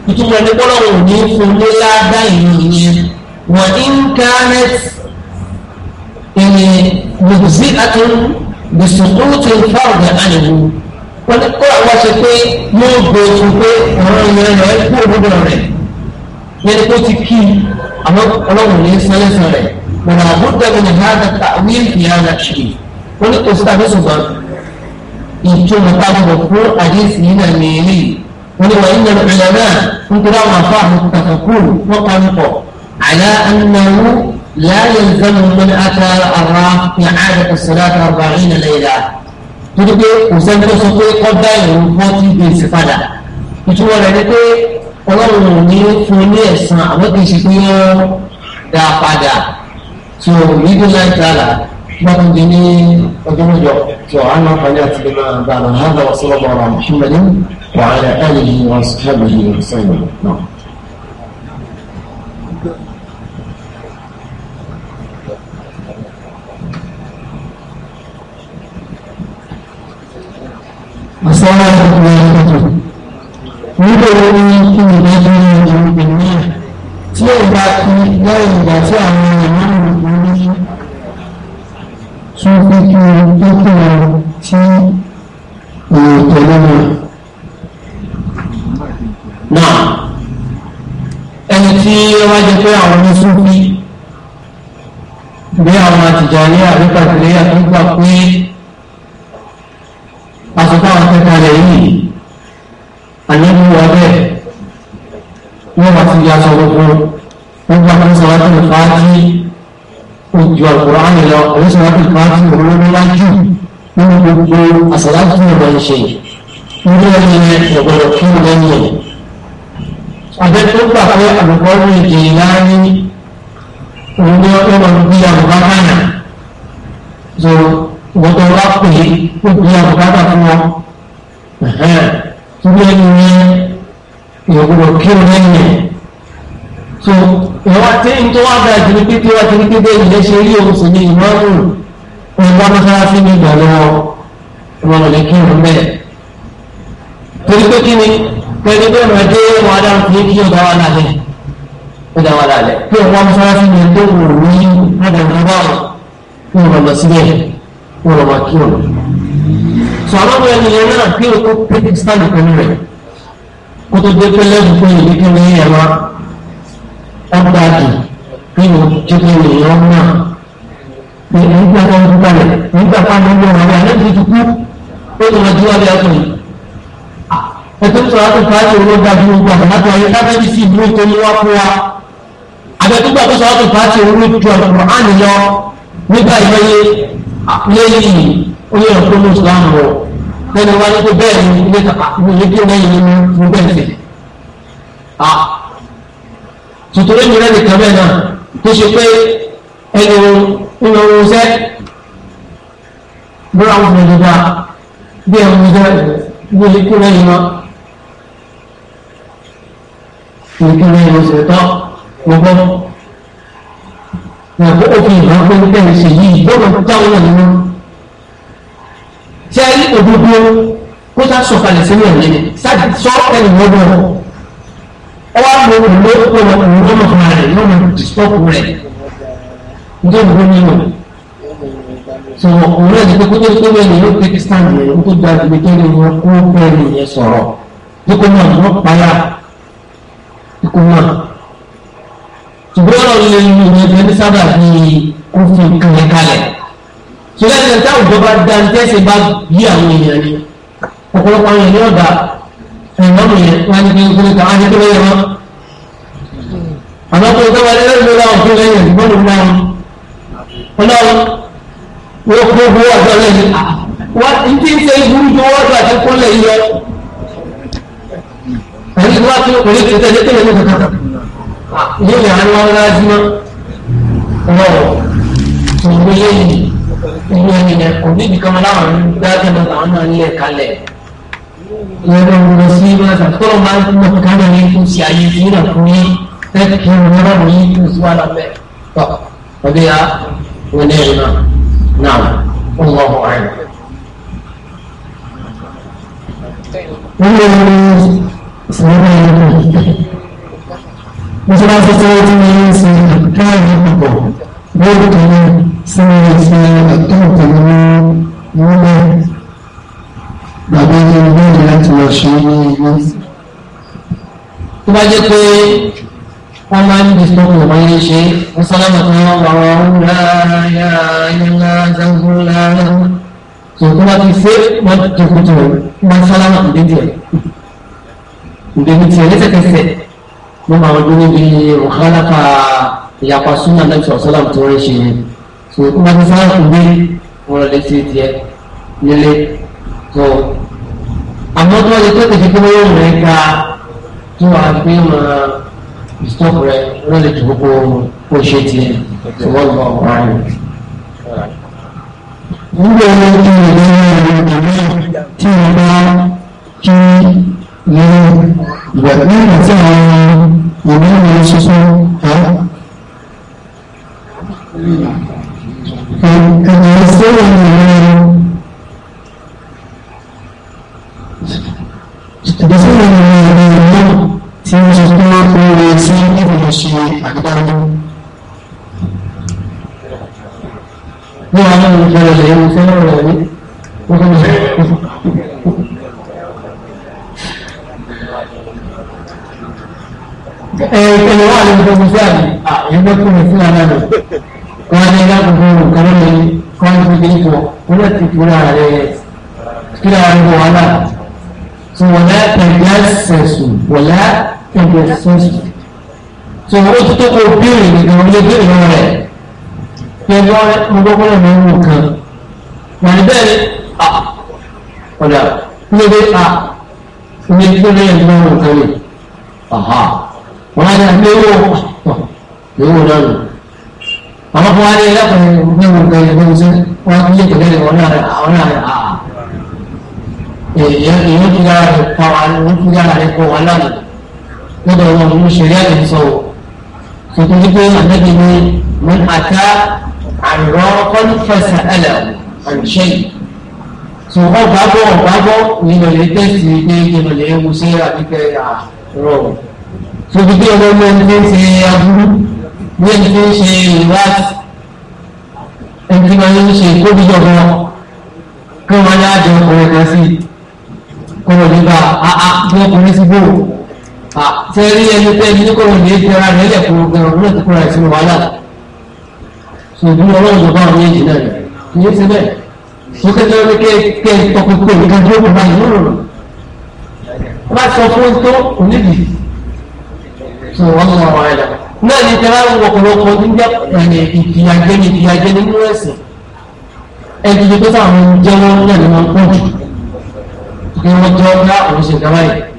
ìtumọ̀ ní kọ́lọ̀ wò ní fún ní ládá ìyẹn wọ́n incarnate ìyẹn mùsùlùmí àtún bùsùkúrú tó ń fà ọ̀gá àyẹ̀wò wọ́n ní kọ́lọ̀ wá ṣe pé mo gbé e fún pé ọ̀rọ̀ ìyẹn rẹ̀ kú òdúgbò rẹ̀ yẹn ni kó ti kí àwọn ọlọ́run ní sálẹ̀sán rẹ̀ ولا بد من هذا التأويل في هذا الشيء قل أستاذ سبحان ìtumọ̀ tábọ̀ fún àdéhùn nínú ẹ̀mí ilé wọn ni wọ́n yíyan ìpìlẹ̀ náà ń kí láwọn afáàmù kàkà kúrò wọ́n kàn pọ̀ àlá ẹnìyàwó láàyè ìzánu lórí ata ara ní àádọ́ ìṣẹ̀lá ta ọba ìnà lẹ́yìnlá torí pé òṣèlú tó sọ pé kọ́dá ìrù fọ́tí bèèsì padà ìtumọ̀ rẹ̀ ni pé ọlọ́run ò ní fún ní ẹ̀sán àwọn kì í ṣe pé wọ́n dá padà so yíyí náà tààlà gbọ́dọ̀ di ní ọjọ́ mẹ́jọ so àánú àpàdé àti lè máa bá àwọn ọ̀hánà ọ̀sọ́lọ́ bọ̀ ọ̀rọ̀ Muhammad wà á rẹ̀ ẹ̀rì yìí wọ́n sì hẹ́bù yìí sẹ́yìn náà. Assalamu alaikum àjàní àbíkàtìlẹ́yà tó gbà pé àsopá àwọn kẹta rẹ̀ yìí àyẹ̀wò wọ bẹ́ẹ̀ wọ́n bá ti ya sọ gbogbo wọ́n gbà pé sọ̀rọ̀ tó fà á jí ojú àkùrọ̀ àmì lọ òun sọ̀rọ̀ tó fà á jí òun ló wá jù nínú gbogbo àsàlá tó ń bọ̀ ń ṣe ilé ẹni yẹn ìgbọ̀dọ̀ kí ó lẹ́yìn ẹ̀. àbẹ́ tó gbà pé àbùkọ́ rí ìdè láàrin òun ni ọlọ́run bí àbùkọ́ bá yàn so wọ́n tó wá pè é ó pè é àbùkátà fún wọn torí ẹni yẹn ìyàgbọ́dọ̀ kí ọ lẹ́yìn ẹ̀ so ìwọ́n tí ń tó wá bá ìdílé pípé wá ìdílé pípé ìdílé ṣe rí òun sì ní ìmọ̀ọ́nù ọgbà mọ́sálásí ní ìgbà lọ́wọ́ ìmọ̀ọ́nù lè kí ọ bẹ́ẹ̀ torí pé kí ni pẹ̀lú pé ọ̀nà dé wọn adá fi kí ọ̀dà wà lálẹ́ ọ̀dà wà lálẹ́ pé ọ̀pọ̀ mọ́sálásí ní ẹgbẹ́ òwò ní ọ̀dà báwọn wọn lọ lọ sílẹ̀ wọn lọ wá kí wọn. sọ àwọn ọmọ ènìyàn náà kí o kó pẹ́kísítánì pẹ̀lú rẹ̀ kó tó dé pé lẹ́yìn fún ìdí kí ni ẹ̀rọ ọgbà dì kí ni jíjí ènìyàn náà pé nígbà tó ń dúpọ̀ rẹ̀ nígbà tó ń dúpọ̀ rẹ̀ àlẹ́ ti dúpọ̀ ó lè wọ́n dúwọ́ bí a tó yìí. ẹ̀tọ́ sọ̀rọ̀ àti fàájì owó dájú gbogbo àgbà tó ayé kábẹ́ẹ̀lì sí ìlú tó ní wá fún wa àbẹ̀túgbà tó sọ̀rọ̀ àti fàájì owó ju àgbà nígbà ìwéyé lẹ́yìn oyè ọ̀pọ̀ mùsùlùmí wọ̀ lẹ́nu wa ní kó bẹ́ẹ̀ ni ilé kàkà mi yé kí ó lẹ́yìn nínú mo bẹ́ẹ̀ fẹ̀. tùtùrẹ́ mi rẹ̀ nìkan bẹ́ẹ̀ náà tó ṣe pé ẹnu ìwọ̀n ohun sẹ́ bọ́lá wọn fún ìjọba bí ẹ̀rọ ìjọba mo yé kí ó lẹ́yìn náà mo kí ó lẹ́yìn lọ́sẹ̀ tán mo nàkó òfin ìbọn pé nípa ìṣe yìí gbọ́dọ̀ jáwọ́ nínú tí a rí òdodo kó sá sọ kalẹ̀ sínú ẹ̀mí sáà sọ ẹ̀mí lọ́dọ̀ ọwọ́ àwọn olùlé ọ̀rọ̀ ìrọ́mọ̀ fún rẹ̀ lọ́nà dìstọ́pù rẹ̀ nítorí gbogbo nínú sọ òun náà ti pé kó tó tó wẹ̀ ní yóò tẹ́kí sáà yẹn kó tó gba ibi tó lè wọ́n kó pẹ́ẹ́lì yẹn sọ̀rọ̀ kíkó náà wọ́n pa á kíkó náà ṣùgbọ́n ọ̀rọ̀ lè lu ìyẹn tẹ́lẹ̀ sábà bí kó fi kàn kalẹ̀ ṣùgbọ́n ẹ̀sẹ̀ táwọn ìjọba dáńtẹ́sẹ̀ bá bí àwọn èèyàn ni ọ̀pọ̀lọpọ̀ àwọn èèyàn ọ̀dà ẹ̀rọ yẹn wọ́n á ní kí n káwọn ní yẹn wọn. àmọ́ kó tó wọlé lórí lórí àwọn òfin lẹ́yìn ìgbọ́n òun náà ọlọ́run wọ́n kó owó ọ̀dọ́ lẹ́yìn wọ́n ti ń ṣe ibú níbi àánú ọlọ́dúnmọ́ ọ̀rọ̀ ìwé lẹ́yìn ìwé ènìyàn kò níbi kan láwọn gbájúmọ́ làwọn náà ń lẹ̀ kalẹ̀ ìwé lọ́wọ́ lọ sí ìwé ọ̀sán tó lọ́wọ́ máa ń mọ̀ ká lọ ní kùsì ayé tí ìrà fún yín tẹ́tí kí wọ́n rọ̀ wọ́n yín kùsì wà lábẹ́ tọ́ ọdẹ ya wọ́n ní ẹ̀rọ náà náà ó ń wọ́n ọ̀rẹ́ Thank you níṣẹ́ bá ṣe sọ́wọ́ tí wọ́n ń sin káàdì papọ̀ lórí kan náà sí ní ẹ̀ṣẹ̀ àkáǹtì ní wọ́n lọ gbàgbé ní bẹ́ẹ̀ láti lọ ṣe ní ilé. tó bá jẹ́ pé wọ́n máa ń di fún ọmọ yẹn ṣe wọ́n sálámà tí wọ́n wà wọ́n ń ra ya ayélujára zangola tòkó bá ti ṣe wọ́n ti kú tó wọ́n sálámà ìdíje ìdíje mo máa ń dúró bí mùkálàfà ìyapa súnmọ́ náà sọ̀rọ̀ sọ́lá tó ń ṣe yẹn tó kó máa ń sáà fún mi mo lọ létí tiẹ̀ nílé tó àmọ́ tó wáyé tó tẹ̀sí pé wọ́n rẹ̀ ga tó wà pé máa stop rẹ̀ lọ́lẹ̀ tó kó kó ṣe tiẹ̀ tó wọ́n lọ wọ́n nígbà yẹn gbé ìran rẹ̀ pẹ̀lú ọ̀rẹ́ mo gbọ́gbọ́ rẹ̀ máa kan wọ́n ní ni à ọ̀dà níbi à ní gbọ́dọ̀ yẹn máa ń kan ni àhà wọ́n á dà ní ewu ewu náà nù àwọn kan wá ní ẹlẹ́kọ̀ọ́ ní wò kan ní wọ́n ti wọ́n á lè tẹ̀lé wọn náà rẹ̀ àwọn náà rẹ̀ à èèyàn èèyàn ti yára rẹ̀ pa wọn ní ti yára rẹ̀ pa wọn náà lọ́dọ̀ wọn ní ṣẹlẹ́ àti sọ̀rọ̀ nítorí pé ànábi ni wọ́n máa ta àrùn ọkọ̀ fẹsẹ̀ ẹlẹ̀ ọ̀ṣẹ́ yìí so ọba bọ̀ ọba bọ̀ nínú ilé tẹ̀sí pé nínú ilé ewu ṣe àbíkẹ́ àrọ̀ so bíbí ọlọ́mọ ẹni tó ń ṣe aburú ní ẹni tó ń ṣe ìwádìí ẹni tí wọ́n ń ṣe kóbíjọba kí wọ́n yá àjọ ọkùnrin kan sí kọ́ọ̀lù bá a a bí ọkùnrin sí bóòlù fẹ́ẹ́rí ẹni pé ẹni nígbà wọn lè gbẹ́ra rẹ̀ lẹ́kùn ọgbẹ́rún ọdún náà ti kúra ìsinmi wàhálà ṣùgbọ́n ọlọ́run ló bá wọn méjì náà ní ṣe bẹ́ẹ̀ ó kẹ́kẹ́ wọn kẹ́ kẹ́ tọkùnkùn nǹkan tó kù báyìí ló rọrùn wọ́n sọ fún tó onídìí ṣe wọ́n mọ àwọn ẹ̀dá náà ní tẹ́lá wọ̀pọ̀lọpọ̀ nígbà ìfìyàjẹ́ ní ìfìyàjẹ́ nínú ẹ̀sìn ẹni tó sáwọn jẹ́ wọn náà ni wọ́n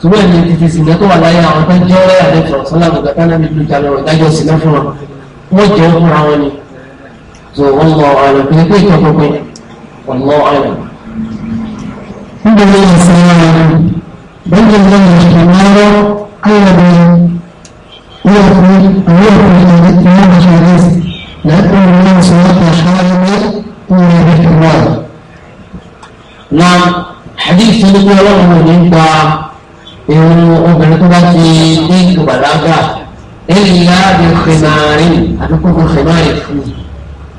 ṣùgbọ́n ẹni títí sinmi tó wà láyé àwọn tó ń jẹ́ ọ̀rẹ́ àdẹ́tọ̀ sọ́làbù kàtà náà níbi ìjàlọ ìdájọ́ sinmi fún wọn wọ́n jẹ́ fún àwọn ni tó wọ́n lọ àrùn pé pé ìtàn pínpín wọ́n lọ àrùn. níbi ilé ìsìn ààrùn bẹ́ẹ̀ni ìlú ìṣẹ̀lẹ̀ lọ́wọ́ ayọ̀dẹ̀ ilé ọkùnrin àwọn ọkùnrin ìlú ìṣẹ̀lẹ̀ lẹ́kùnrin náà sọ wọ́n ta ṣáájú irun obìnrin tó bá ti dé ìbàdàgbà ẹ̀yìn láàbì xìmáàrì àdúgbò xìmáàrì fún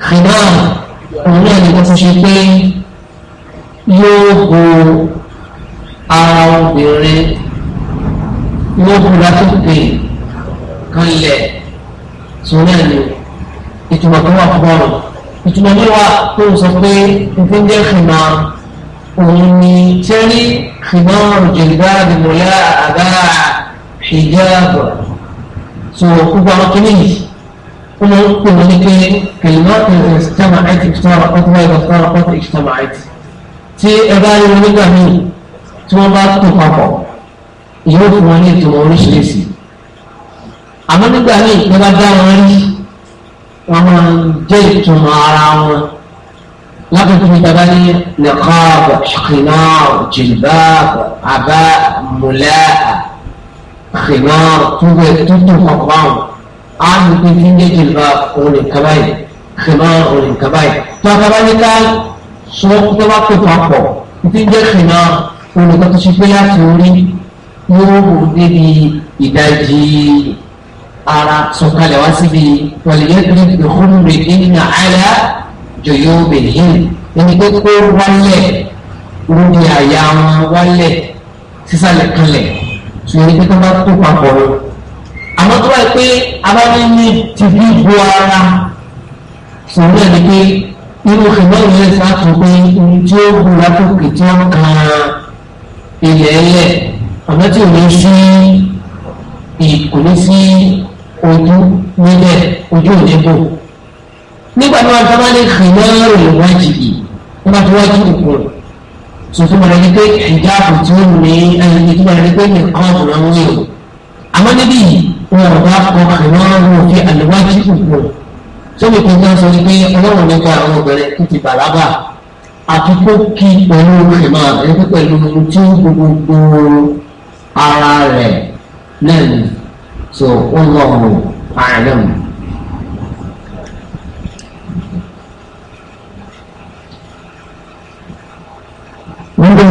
xìmáàrì òun náà ni wọ́n ti ṣe pé yóò bo ara obìnrin yóò bo látòkè kanlẹ̀ sórí ẹ̀lò ìtumọ̀ tó wà fún ọ̀rọ̀ ìtumọ̀ mi wà tó sọ pé nfin jẹ́ òun ni sẹ́rí ṣùgbọ́n jìlbáàbì mọ̀lá àbá hijabu so gbogbo àwọn kìíní yìí ó máa ń pè ní pé kìlìmọ́ ìrìn ìsìtàmà àìtì ìsìtàmà ọ̀tún wáyé ìsìtàmà ọ̀tún ìsìtàmà àìtì tí ẹ bá rí wọn nígbà míì tí wọ́n bá tó papọ̀ ìyóò fún wọn ní ìtumọ̀ oríṣiríṣi àmọ́ nígbà míì wọ́n bá dá wọn rí wọn máa jẹ́ ìtumọ̀ ara wọn lákòókò ìjọba ní nìkọ́ọ̀bù ṣìkìnnáàrù jìlbáàbù àbá mùláà ṣìkìnnáàrù túbọ̀ tútù kọ̀ọ̀kan àmì pé kí n jẹ́ jìlbáàbù òun nìkan báyìí ṣìkìnnáàrù òun nìkan báyìí tó àtàwọn ní ká sọ tó bá kó papọ̀ kí n jẹ́ ṣìkìnnáàrù òun nìkan tó ṣe pé láti orí yóò wò débi ìdajì ara sọ̀kalẹ̀ wá síbi wàlíyẹ́ kiri ìdókòwò rẹ̀ ní àlẹ́ jòyó bèhìn ẹni pé kó wálẹ̀ lórí àyà wọn wálẹ̀ sísàlẹ̀ kanlẹ̀ ṣùgbọ́n ẹni pé tó bá tó papọ̀ lọ. àmọ́ tó wáyé pé abáyé ní ti bí bo ara sọ̀rọ̀ ẹni pé nínú kìnnìún yẹn sáàtún pé ohun tí ó bu lápòkè tí wọ́n kan ilẹ̀ ẹlẹ̀ ọ̀nà tí ò ní sí ìkòlẹ́sí ojú nílẹ̀ ojú òdìbò nígbà tí wọ́n fẹ́ máa lè hàn náà rè wájú yìí wọ́n máa fi wájú ìkùn rẹ̀ sọtú mọ̀ lẹ́ni pé ìjáàbù tí ó ní ẹni eh, tó mọ̀ lẹ́ni pé nìkan ọ̀rọ̀ ń wí o àmọ́ níbí wọn ò bá kọ àwọn ọ̀rọ̀ òfin àlewájú ìkùn rẹ̀ sóbi kan náà sọ ni pé ọlọ́run nípa àwọn obìnrin tó ti bàlágà àti kó kí pẹ̀lú ìmọ̀ àbẹ̀rẹ̀ pẹ̀lú tí gbogbo ara rẹ̀ lẹ́nu so wọ́n lọ́ọ̀rọ̀ àìlẹ́mù. wanda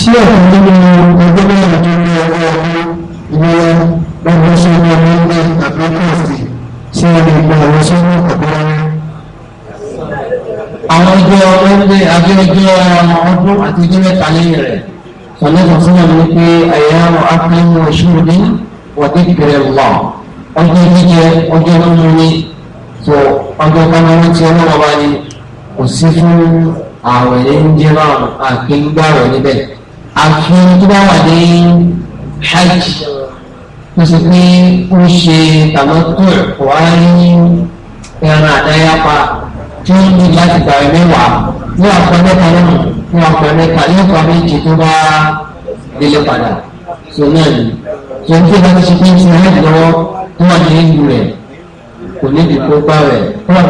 Siapa yang mengajar anda? ọjọ́ monday àbí thursday tí o lè gba àwọn sọ́nà àbí rárá. àwọn ọjọ́ monday àbí ọjọ́ ọdún àti ọjọ́ mẹ́ta lẹ́yìn rẹ̀ sọlẹ́sọ̀ sílẹ̀ ní pé àyàwó akẹ́wò ṣùgbọ́n ní wàdíkìrẹ̀ lọ ọjọ́ jíjẹ ọjọ́ mímu ni tó ọjọ́ kánáwó tí ọlọ́wọ́ bá ní kò sí fún àwẹ̀ ní ń jẹ́ báwọn níbẹ̀ àfihàn tó bá wà ní hajj tó ṣe pé ó ń ṣe tàmọ́tò ẹ̀kọ́ á ní ẹran àdáyápa tí ó ní láti gbàgbé mẹ́wàá ní ọ̀pọ̀ mẹ́ta náà ní ọ̀pọ̀ mẹ́ta ní ọ̀pọ̀ méje tó bá délé padà tó náà ni tó ń tẹ́lá ti ṣe pé ti rẹ̀ lọ́wọ́ tó wà ní ìlú rẹ̀ kò ní ìdìbò gbà rẹ̀ kó wà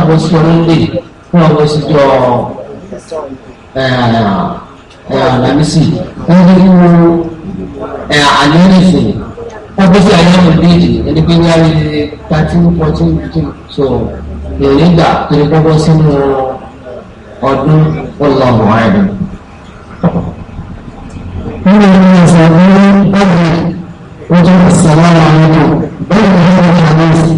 bó wọ́n bí sí ayé mi déèjì ẹni pé ní ayé thirteen fourteen fifteen so èrè gbà tó ní kọ́kọ́ sínú ọdún ọlọ́run àìdùn. nínú ìlú ọ̀sán ní ọ̀gbìn ojú ìsàlámà nínú bẹ́ẹ̀ ni wọ́n ti àná sí.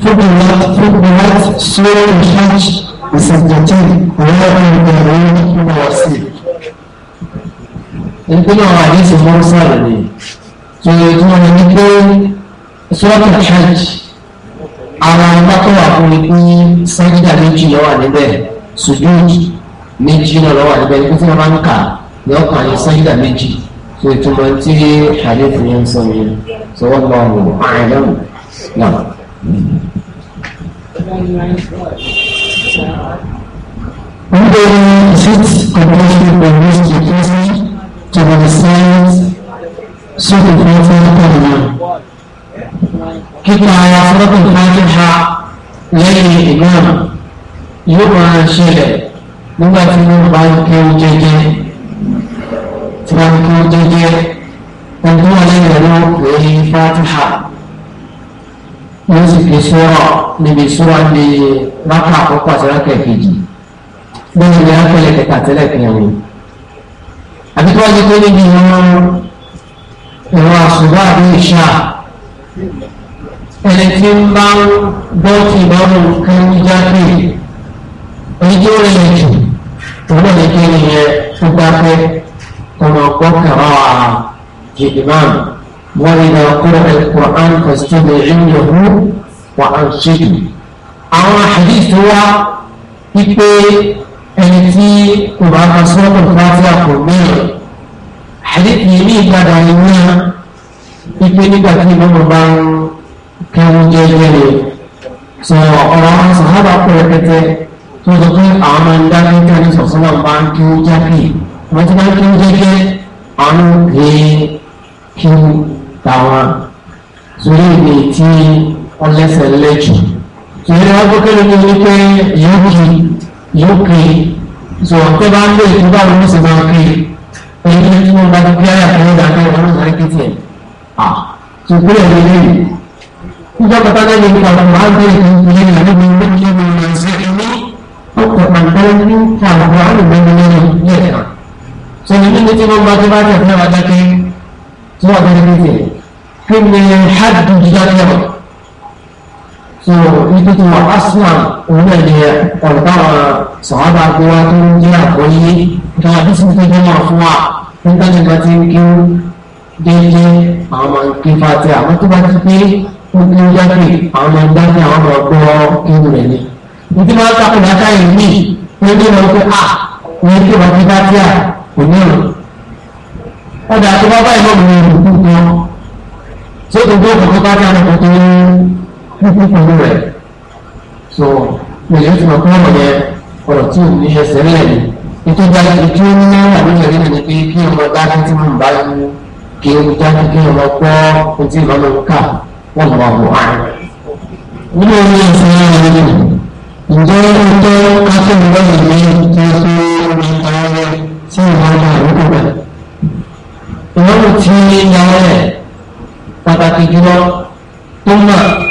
Fúnbìlá Fúnbìlá ṣé ìṣáàjì ìṣàjọ̀tì ọ̀rẹ́ ìgbà ìwé ìwọ̀sí. Ìpínlẹ̀ àwọn àdéhùn mọ́sálà nìyí ìròyìn tí wọ́n ní pé sọ́ọ̀tù church ara bákọ́wà fún mi pé sájídà méjì lọ́wọ́ níbẹ̀ sùdúùjì méjì náà lọ́wọ́ níbẹ̀ ní pípẹ́ máa ń kà ní ọkàn ní sájídà méjì tó ìtumọ̀ tí àdéhùn yẹn ń sọ yẹn sọ wọ́n lọ wò ààrẹ lọ́wọ́ náà. Whether is it compulsory for to the same sókè tó ń fún ọkọ wọn kíkà ara ọlọ́kùn fátíhà lẹ́yìn ìmáàmù yóò máa ṣẹlẹ̀ nígbà tí wọ́n bá ń kí ó jẹ́jẹ́ tí wọ́n kí ó jẹ́jẹ́ ọdún ọlẹ́yìn ọ̀nà lẹ́yìn fátíhà wọ́n sì fi sọ́rọ̀ níbi sọ́rọ̀ ní rákà àkọ́kọ́ àti rákà kejì bẹ́ẹ̀ ni rákà ẹlẹ́kẹta tẹ́lẹ̀ kẹrin àbíkọ́ ọdún ìwọ̀n àṣùgbọ́ àbí ìṣà ẹni tí ń bá ń gbọ́ tí ìbámu kan ní jáde oníjẹ́ òrìlẹ̀ jù òun ní kí ni yẹ tó dákẹ́ ọmọ ọgbọ́n kàrọ́ à jìdìmán wọ́n ní ọkọ̀ ẹ̀kọ́ àǹkọ̀sí ní ìlú wà á ṣètò àwọn àdìs tó wá wípé ẹni tí kò bá lọ sọ́dọ̀ fún àti àpò mìíràn àdéhùn ìmí ìpadà iná wípé nígbà tí ìmọ̀mọ̀ bá ń kẹrun jẹjẹ rẹ̀ sọ ọ̀rọ̀ àwọn sàhábà pọ̀ rẹpẹtẹ tó sọ pé àwọn máa ń dá lẹ́kẹ́ ní sọ̀sọ́nà bá ń kí ó jáde wọ́n ti bá ń kí ó jẹ́jẹ́ àwọn òkè kí ó tàwọn sórí ìdè tí wọ́n lẹ́sẹ̀ lẹ́jù ìrìn àwọn akọ́kẹ́lẹ́ ní wípé yóò kí yóò kí bá ń lè tó bá wọn ó sì máa ẹni tí wọ́n bá ti fi àyà kan nígbà kan ìwọ́n náà kí tiẹ̀ à tó gbé ẹ̀rọ ilé yìí nígbà pátá lẹ́yìn nípa ọ̀rọ̀ máa ń gbé ìdílé rẹ̀ níbi ilé ilé mi rẹ̀ sí ẹni ọkọ̀ pàǹtẹ́ ní kàwọ́ àlùmọ́ni lẹ́yìn ilé ẹ̀ka tó ní ilé tí wọ́n bá ti bá tẹ̀ fún àwọn adáké tí wọ́n bá ti fi tiẹ̀ kí ni hadu jíjá lẹ́wọ̀n so ibi tí wọn aslam òun náà ni ọ̀rọ̀ táwọn sọ̀hábà gbé wa tó ń jẹ́ àkọ́yé táwọn adúsùn tó jẹ́ wọn fún wa nígbà tí wọn ti ń kí déédéé àwọn máa ń kí fati àwọn tó bá ti pé ó ń kí a wọn kí wọn kí fati à kò ní ọ̀rọ̀. ọ̀dà àti bàbá ìlú mi ò kú ní pípín inú rẹ̀ so èyí ti mọ̀ pé ọ̀rọ̀ yẹn ọ̀rọ̀ tí ò ní ẹsẹ̀ rẹ̀ ni ìtọ́jà ìtú ní náírà ní ìrìn ní pé kí ọmọ dáná tí mo ń bá yín kí o dáná kí ọmọ pọ́ ohun tí ìmọ̀ ló ń kà wọ́n mọ̀ ọ́ àrùn. nínú orí ẹsẹ̀ rẹ̀ ni ǹjẹ́ ọjọ́ akẹ́kọ̀ọ́ mi ti fi ọmọ rẹ̀ sí ìmọ̀ ọmọ àrùn rẹ̀. ìwọ́n ti ń yára rẹ̀ pàtàkì jùlọ tó máa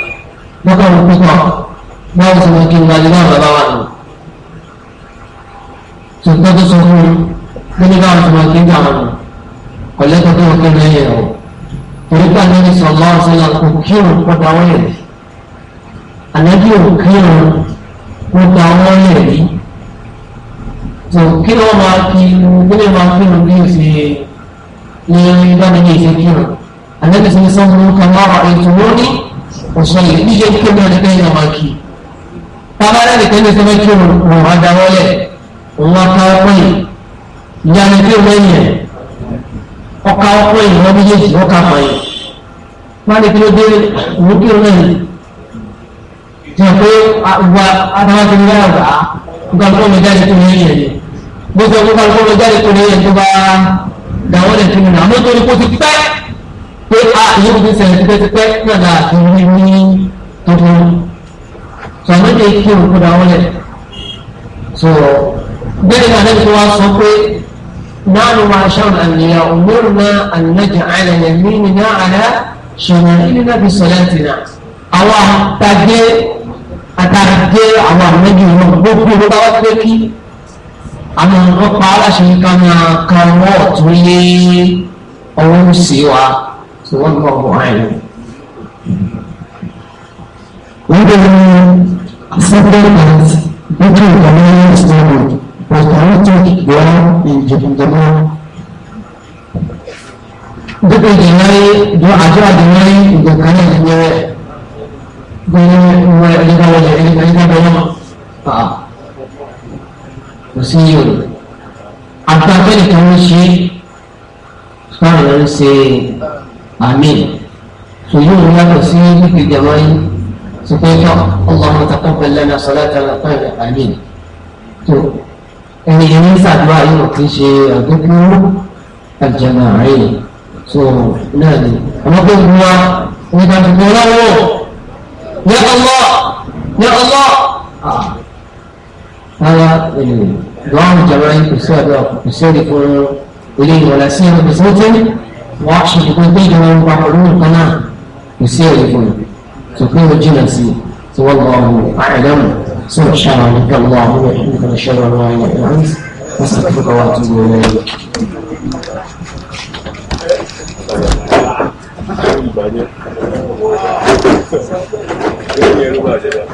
kírun wọ́n pa wọ́n lẹ̀rí ànábì ò kírun wọ́n pa wọ́n lẹ̀rí tó kí ló máa fi gbélé máa kírun bí o ṣe ní ìdánilé ìṣe kírun ànábì sì ní sọ́kùnrin kan máa wà ètò lórí ọ̀sán yìí níṣẹ́ kí ló ní kẹ́yìn máa kí tábà lẹ́nu kẹ́yìn sọ́kùnrin kírun wọ́n wá dáwọ́lẹ̀ òun wá ká ọkọ̀ yìí ìyá ni kí o lẹ́yìn ẹ̀ ọkà ọkọ̀ yìí wọ́n méjèèjì ọkà pààyàn máa ní kí ló dé òun kí òun ẹ̀yìn tí wọ́n pé wa adáwọ́ ti ní yàrá gbà á nǹkan tó lọ jáde tó ní yẹn ni gbogbo nǹkan tó lọ jáde tó ní yẹn tó bá dàwọ́ lẹ̀ fún mi náà mọ́tò ní kó ti pẹ́ pé a ìyókù ti sẹ̀rẹ̀ ti pẹ́ ti pẹ́ náà náà ti rí ní tuntun sọ̀rọ̀ ní kí òun kó dàwọ́ lẹ̀ sọ̀rọ̀ bẹ́ẹ̀ náà lẹ́yìn tó wá sọ pé náà ló máa ṣàwọn àníyàn òmìnira àníyàn jẹ́ àlẹ́ yẹn mí ni ṣọlá nínú nàbí sọlá ti nà àwọn àtàgé àtàgé àwọn àmẹ́jì náà gbogbo ló bá wá pé kí àwọn ọlọ́pàá aláṣẹ yìí kan máa kan ọwọ́ ọ̀tún lé ọwọ́ ń sí wa tí wọ́n gbọ́ ọmọ àìlú. wọ́n bẹ̀rẹ̀ ní separate and different communities to be automatic there in japan dípò ìdìnyẹ́rẹ́ ìjọ àjọ àdìnyẹ́rẹ́ ìjọba ní ìdìnyẹ́rẹ́ gbẹ́yẹ́ wọ ẹ̀ríkà wọlé ẹ̀ríkà bẹ́ẹ̀ pa kò sí yìí o àgbàkẹ́lì kan ń ṣe fáwọn ń ṣe àmín tòyún ń yàtọ̀ sí dípò ìjọba yìí sọpẹ́jọ́ ọlọ́run takọ́pẹ́ lẹ́nu sọ́lẹ́tà lọ́pẹ́ àmín tó ẹni ìrìn sàdúrà yìí kì í ṣe àdúgbò àjẹmọ́ àárín so náà ni àwọn tó ń wá wọn bá dùn lọ́wọ́ ní ọlọ́ ní ọlọ́ ah. ara ènìyàn eh, lọ́wọ́ jọba yìí kò sí ọ̀dọ̀ kò sí èdè fún ilé ìwọ̀lá sí ẹni kò sí èdè wọ́n ṣe ìdìbò gbé ìjọba ń pa ọdún nǹkan náà kò sí èdè fún tó pé ojú náà sí tí wọ́n lọ ọ̀hún àìdáhùn sí ọ̀ṣà àwọn ìgbà lọ́wọ́ àwọn ìgbà lọ́wọ́ àwọn ìgbà lọ́wọ́ àwọn ìgbà lọ́wọ́ àwọn ìgbà lọ́wọ́ 좀 많이 했고, 여러 가지가.